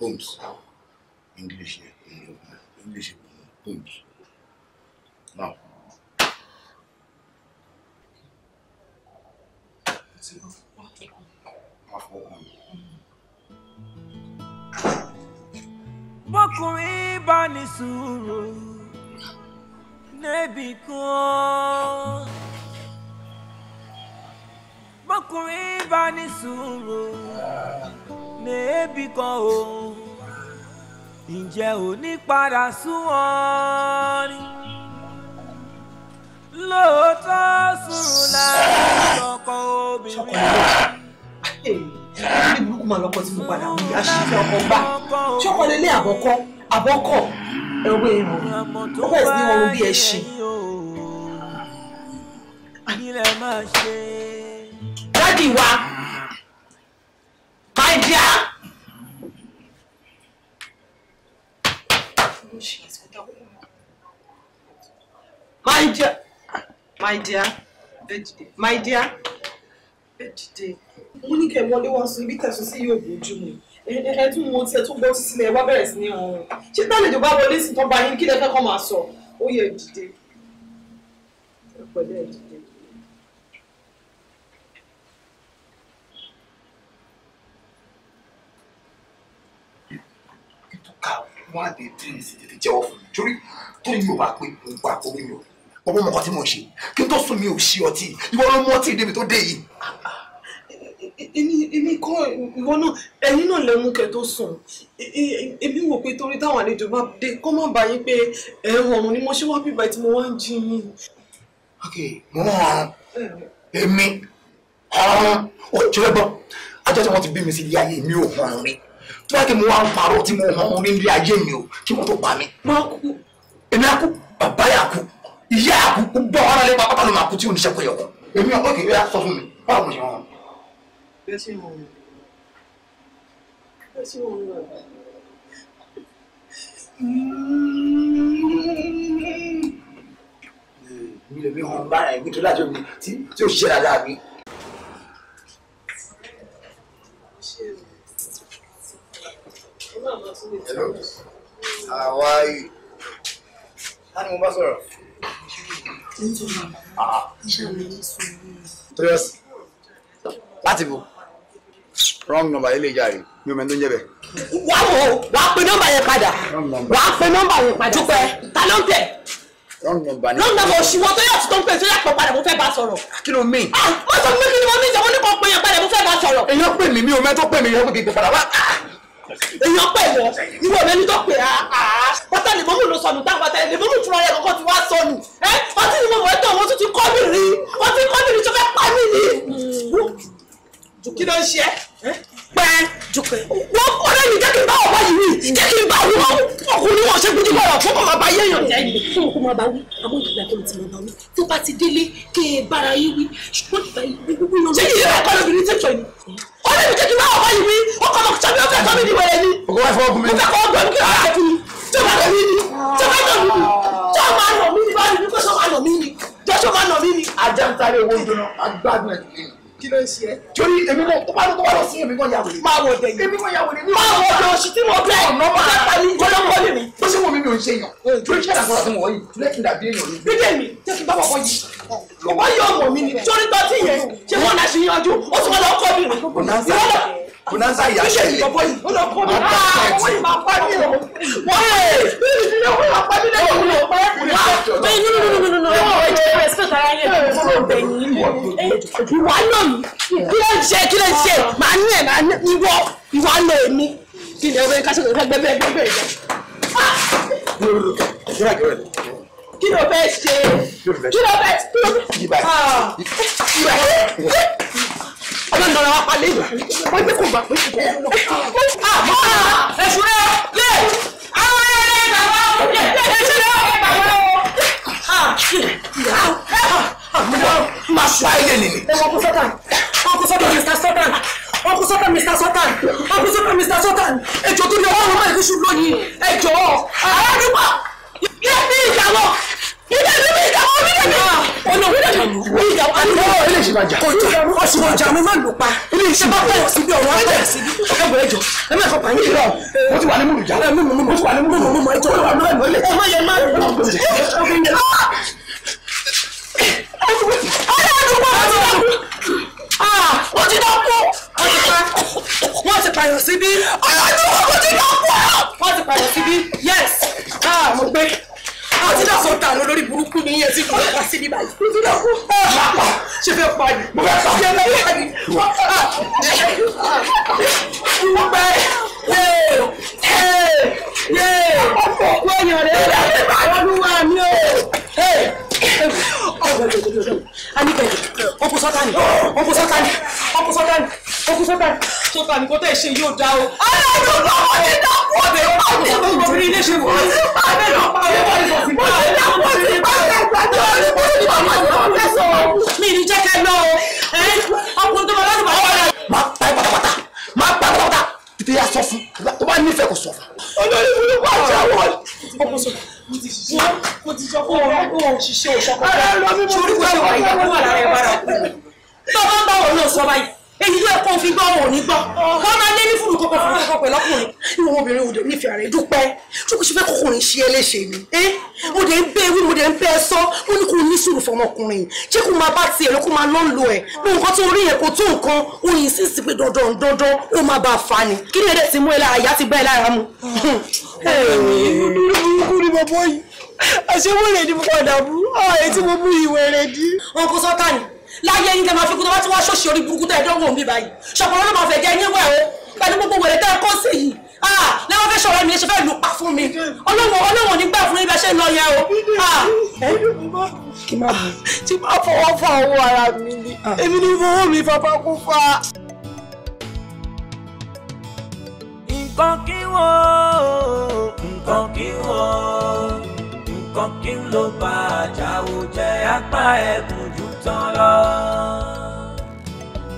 poems english english poems now. bọ́kùnrin bá ní sùúrù níbi kan bọ́kùnrin n'ebi kan o ǹjẹ́ ò ní padà sún wọn ni lóòótọ́ sùúrù láàrin ọkọ obìnrin. ní ah, eh, burúkú máa lọkọ tí mo padà mú yá sí ilé ọkọ gbà ṣọkọ lélẹ àbọkọ àbọkọ ẹwọ èrò ó bẹ̀rẹ̀ sí ní wọn bí ẹṣin. dádì wa my dear. My dear, my dear, my dear, ejide. Mo ní kẹ́ wọlé wá sùn ibi tẹ̀sùn sí yóò bójú mu. Ẹ tún mo tiẹ̀ tún gbọ́ sí sílẹ̀ ẹ wá bẹ̀rẹ̀ sí ní ọ̀run. Ṣé tálejò bá wọlé sí tọ́ba yín kí lẹ fẹ́ kọ́ máa sọ? Ó yẹ ejide. Ẹ pẹ̀lẹ́ wọ́n á dé tí mi sì tètè jẹ́wọ́ fún mi torí tó yí o bá pé mo gbà kó mi o ọmọ mọ̀kọ́ tí mo ṣe kí n tó sùn mi ò ṣe ọtí ìwọ ló mú ọtí débi tó dé yìí. èmi kọ́ ìwọ náà ẹ̀yin náà lẹ́nu kẹ́ tó sùn e, e, èmi wò pé torí táwọn àlejò bá dé kọ́ mọ́ bá yín pé ẹ̀ ọ̀run ni mo ṣe wá bíbá tí mo wá ń jí yín. ok mo mọ ọrùn èmi ọrùn ò jẹ́ gbọ́ ajọ́jọ́ wọn ti bí mi sí ilé ayé mi ò mọ ọrùn tó yà kí mo wá ń parọ́ tí mo hàn ní ilé ayé mi o kí wọ́n tó pa mi. má kú èmi á kú bàbá yà kú ìyá yà kú gbọ́ ọ̀rọ̀ lé pápá ló máa kú tí oníṣẹ́ kọ yẹ kọ èmi ọkọ kì í sọ fún mi báwo ni wọn. bẹ́ẹ̀ sì mọ̀ mi bẹ́ẹ̀ sì bàbá. mi lè mi hàn bára ẹ̀ nítorí àjọ mi tí ó ṣe dáadáa mi. Hello. Ah, How are you? Tani mo bá sọ̀rọ̀? Ah. Tóyọ̀sì. Láti bò. Wrong number ilé ìjà rẹ̀. Mi ò mẹ́ni tó ń jẹ́ bẹ̀. Wà á wò ó, wà á pe nọ́mbà yẹn padà. Wà á pe nọ́mbà yẹn padà. Dúpẹ́, ta ló ń tẹ̀? Wrong number ni. Wrong number òṣìwọ́ tó yàtọ̀ tó ń pè tó yàtọ̀ padà mo fẹ́ bá sọ̀rọ̀. Ah, kí ló mean? Má sọ fún mi kí ni mo ní ìjọba oníkan pé yẹn padà mo fẹ́ bá sọ̀rọ̀. Èèyàn pè mí mi ò mẹ́ tó pè mí yẹn pé kí n pè padà wá èèyàn pè wọ ìwọ lẹni tó pè á pátá ni mọ́mú ló sọnù táwọn pátá ni mọ́mú fúnra rẹ̀ kọ́kọ́ ti wá sọnù ẹ ọtí ni mo mọ̀ ẹ́tọ̀ wọn tún ti kọ́ mi rí wọ́n ti kọ́ mi rí tó fẹ́ pa mí ni. kí ló ń ṣe ẹ́ pẹ́ wọ́n ọ̀rẹ́ mi jẹ́ kí n bá ọ̀bá yìí wí jẹ́ kí n bá wí wọn ọkùnrin wọn ṣe gbójú bọ̀rọ̀ fún ọmọ bá yé èèyàn jẹ́ yìí. fún ọkọ máa bá wí àmọ́ ìgbà tó ti máa bá wí tó bá ti délé ó lè mi jẹ́ kí n bá wọ̀ báyìí wí ó kọ́ ọmọ sọ́mi ó fẹ́ sọ́mi ní wẹ̀rẹ̀ ni mo fẹ́ fọwọ́ gùn mi ní. mo fẹ́ fọwọ́ gùn mi kí ọ̀rọ̀ àti tí o bá nà mí ni tí o bá nà mí ni tí o máa nà mí ni báyìí bí kò sọ máa nà mí ni jọ́sọ̀ máa nà mí ni. ajá ń sáré owó ìdúná agbádùn ẹ̀ kí ló ń ṣe ẹ́. torí èmi náà tó bá lọ tó bá lọ sí èmi kan yà wèrè. máa wọ dẹ̀yìn èmi kan yà wèrè. máa wọ ọjọ́ oṣù tí mo bẹ́ẹ̀ ọ̀nà máa gbọ́dọ̀ kọ́lé mi. ó sì wọ mi mi ò ń ṣe yàn. torí ṣé àgbàrá fún wọn yìí tulẹ̀ kí n dàbí èèyàn ni. bídé mi jẹ́ kí n bá wọ́pọ̀ yìí. ọ̀pọ̀ yóò wọ̀ mí ni torí tọ́tí yẹn ṣé wọ́n náà ṣe yanjú ó sì wọ́n lọ mi kò náà sá ìyá ṣe ilé. ó lọ kó mi náà owó yìí máa pa mí o. wọ́n ẹ̀ ẹ̀ owó máa pa mí náà owó máa pa kí ló fẹ́ ṣe kí ló fẹ́ ṣe ọmọ ìnara wa palẹ̀ wọ́n ní kò gbà pé ṣùgbọ́n ó lọ. àmọ́ èṣù rẹ̀ lè àwọn ẹ̀rọ ẹ̀ bàbá ọ̀ èṣù rẹ̀ ẹ̀ bàbá ọ̀. àmúlò máa ṣọ ayé nìyí. ẹ wọ́n kú sọ́tàn wọ́n kú sọ́tàn Mr. sọ́tàn wọ́n kú sọ́tàn Mr. sọ́tàn wọ́n kú sọ́tàn Mr. sọ́tàn ẹjọ́ tó lè wọ́n lọ́mọ ìfisù lónìí ẹjọ́ àádúgbò ilé mi ìjà lọ ilé mi ìjà lọ ọ̀nà òwe náà lù ú. ìjà wa ló wọ́n ilé ìṣèlú àjà. kọjá ọ̀sùn ọjà mi máa lù pa. ilé ìṣèlú àjà bá bẹ̀rẹ̀ síbi ọ̀rọ̀ abẹ́rẹ́ síbi. ọ̀gá bẹ̀rẹ̀ jọ ẹ má fọkàn yín. ìlọ mo ti wà ní múlùjà. mo ti wà ní múlùjà. mo ti wà ní múlùjà. ẹ má yẹ má lù. Ah! wọ́n ti dán kú. wọ́n ti pààyàn síbí. ọ̀yọ́ ìdúró kò ti dán kú. wọ́n ti pààyàn síbí. yes. ah mo gbé ọtí náà sọ̀tà lórí burúkú ni yẹn ti fún wa síbi báyìí. ọtí náà kú. máa pa ṣe fẹ́ pa ni. mo fẹ́ pa. ṣe fẹ́ pa ni. mo pẹ́ yé yé wọ́n yàn lé lọ́wọ́ olúwa mi o. Anike, ọkùn sọ́tàní, ọkùn sọ́tàní, ọkùn sọ́tàní, ọkùn sọ́tàní, sọ́tàní kò tẹ̀ ṣe yóò dá o. Aláàbò bá wọn ní dàpọ̀ ọ̀dẹ̀ ọ̀dẹ̀ ọ̀dẹ̀ ọ̀dẹ̀ ilé ṣe wọ́n. Abẹ́ lọ pa owó ìfọ̀sí. Mo ti dàpọ̀ sí pàṣẹ ìgbàjọ́ ní mo ti bàbá tó ń fẹ́ sọ̀rọ̀. Mi ní jẹ́ kẹ́ lọ o. Ọkùnrin tó máa lọ́dún máa wà tètè yà sọ fún tó bá nífẹ̀ẹ́ kò sọ fún. olórí ìlú wà jẹ́ wọ́n. mo ti ṣiṣẹ́ mo ti sọ fún ọ̀rọ̀ kó o ṣiṣẹ́ ìṣọ́kọ̀ọ́. ara ló ní mo ti sọ fún ọ̀rọ̀ kó o ṣiṣẹ́ ìṣọ́kọ̀ọ́. tó bá ń bá wọn náà sọ báyìí èyí ló ẹ̀kọ́ fi gbọ́ òní gbọ́ wọ́n máa lé ní fúru kọ̀kọ̀ fúru kọ̀kọ̀ pẹ̀lú ọkùnrin ìwọ obìnrin òde nífẹ̀ẹ́ rẹ̀ dúpẹ́ ṣùkú ṣe fẹ́ kọkùnrin ṣe é léṣe ni mo dé ń bẹ ewé mo dé ń bẹ ẹsọ mo ní kó ní sùúrù fọmọkùnrin ṣé kó máa bá tiẹ̀ ló kó máa lọ́n lo ẹ̀ bí nǹkan tó rí yẹn kò tó nǹkan ó yin sí sí pé dandan dandan ó máa bá a fa ni kí ni ẹ̀dẹ̀ ti mú ẹ lára ìyá ti bá ẹ lára mu. olùkú ni bàbá yìí àṣewọ́rẹ̀ ni mo padà mú ọ̀ ah, èyí tí mo mú ìwé rẹ̀ dí. wọn kò sọ́tà ni láyé yín lè máa fi kú tó bá ti wá ṣòṣì orí burúkú tẹ́ ẹ dánwò mi báyìí ṣọ̀pọ̀lọ́ ló máa fẹ́ jẹ́ yín wẹ̀ o pẹ̀lú gbogbo wèrè tẹ́ ẹ kọ́ sí yìí láwọn fẹ́ ṣọ̀rọ̀ mi ṣe fẹ́ lù pa fún mi ọlọ́wọ̀n ọlọ́wọ̀n nígbà fún ibẹ̀ ṣe ń lọ yẹn o. kí máa bù. tí máa fọwọ́ fa owó ara mi ni èmi ni fowó mi fapá kú fa. nǹkan kí wọ́n nǹkan kí wọ́n nǹkan kí n ló bá àjàwò jẹ́ apá ẹ̀gùn jù tán lọ.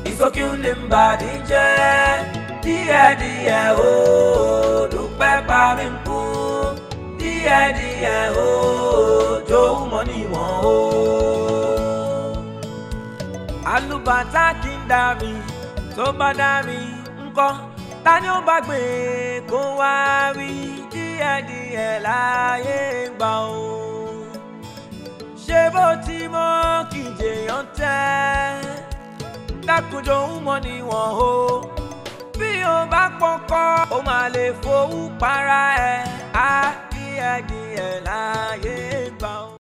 ìsókí ń lè ń bàdí jẹ́ díẹ̀díẹ̀ o dúpẹ́ parí ń kú díẹ̀díẹ̀ o jòwú mọ́ níwọ̀n o. àlùbàtà kì í dàbí tó bá dàbí ńkọ́ ta ni ó bá gbé e kó wá rí díẹ̀díẹ̀ láyé gbà ó ṣé bó ti mọ kìjèyàn tẹ́ dákunjọ ń mọ níwọ̀n o bí o bá pọkọ́ o máa lè fowó para ẹ̀ á díẹ̀díẹ̀ láyé gbà ó.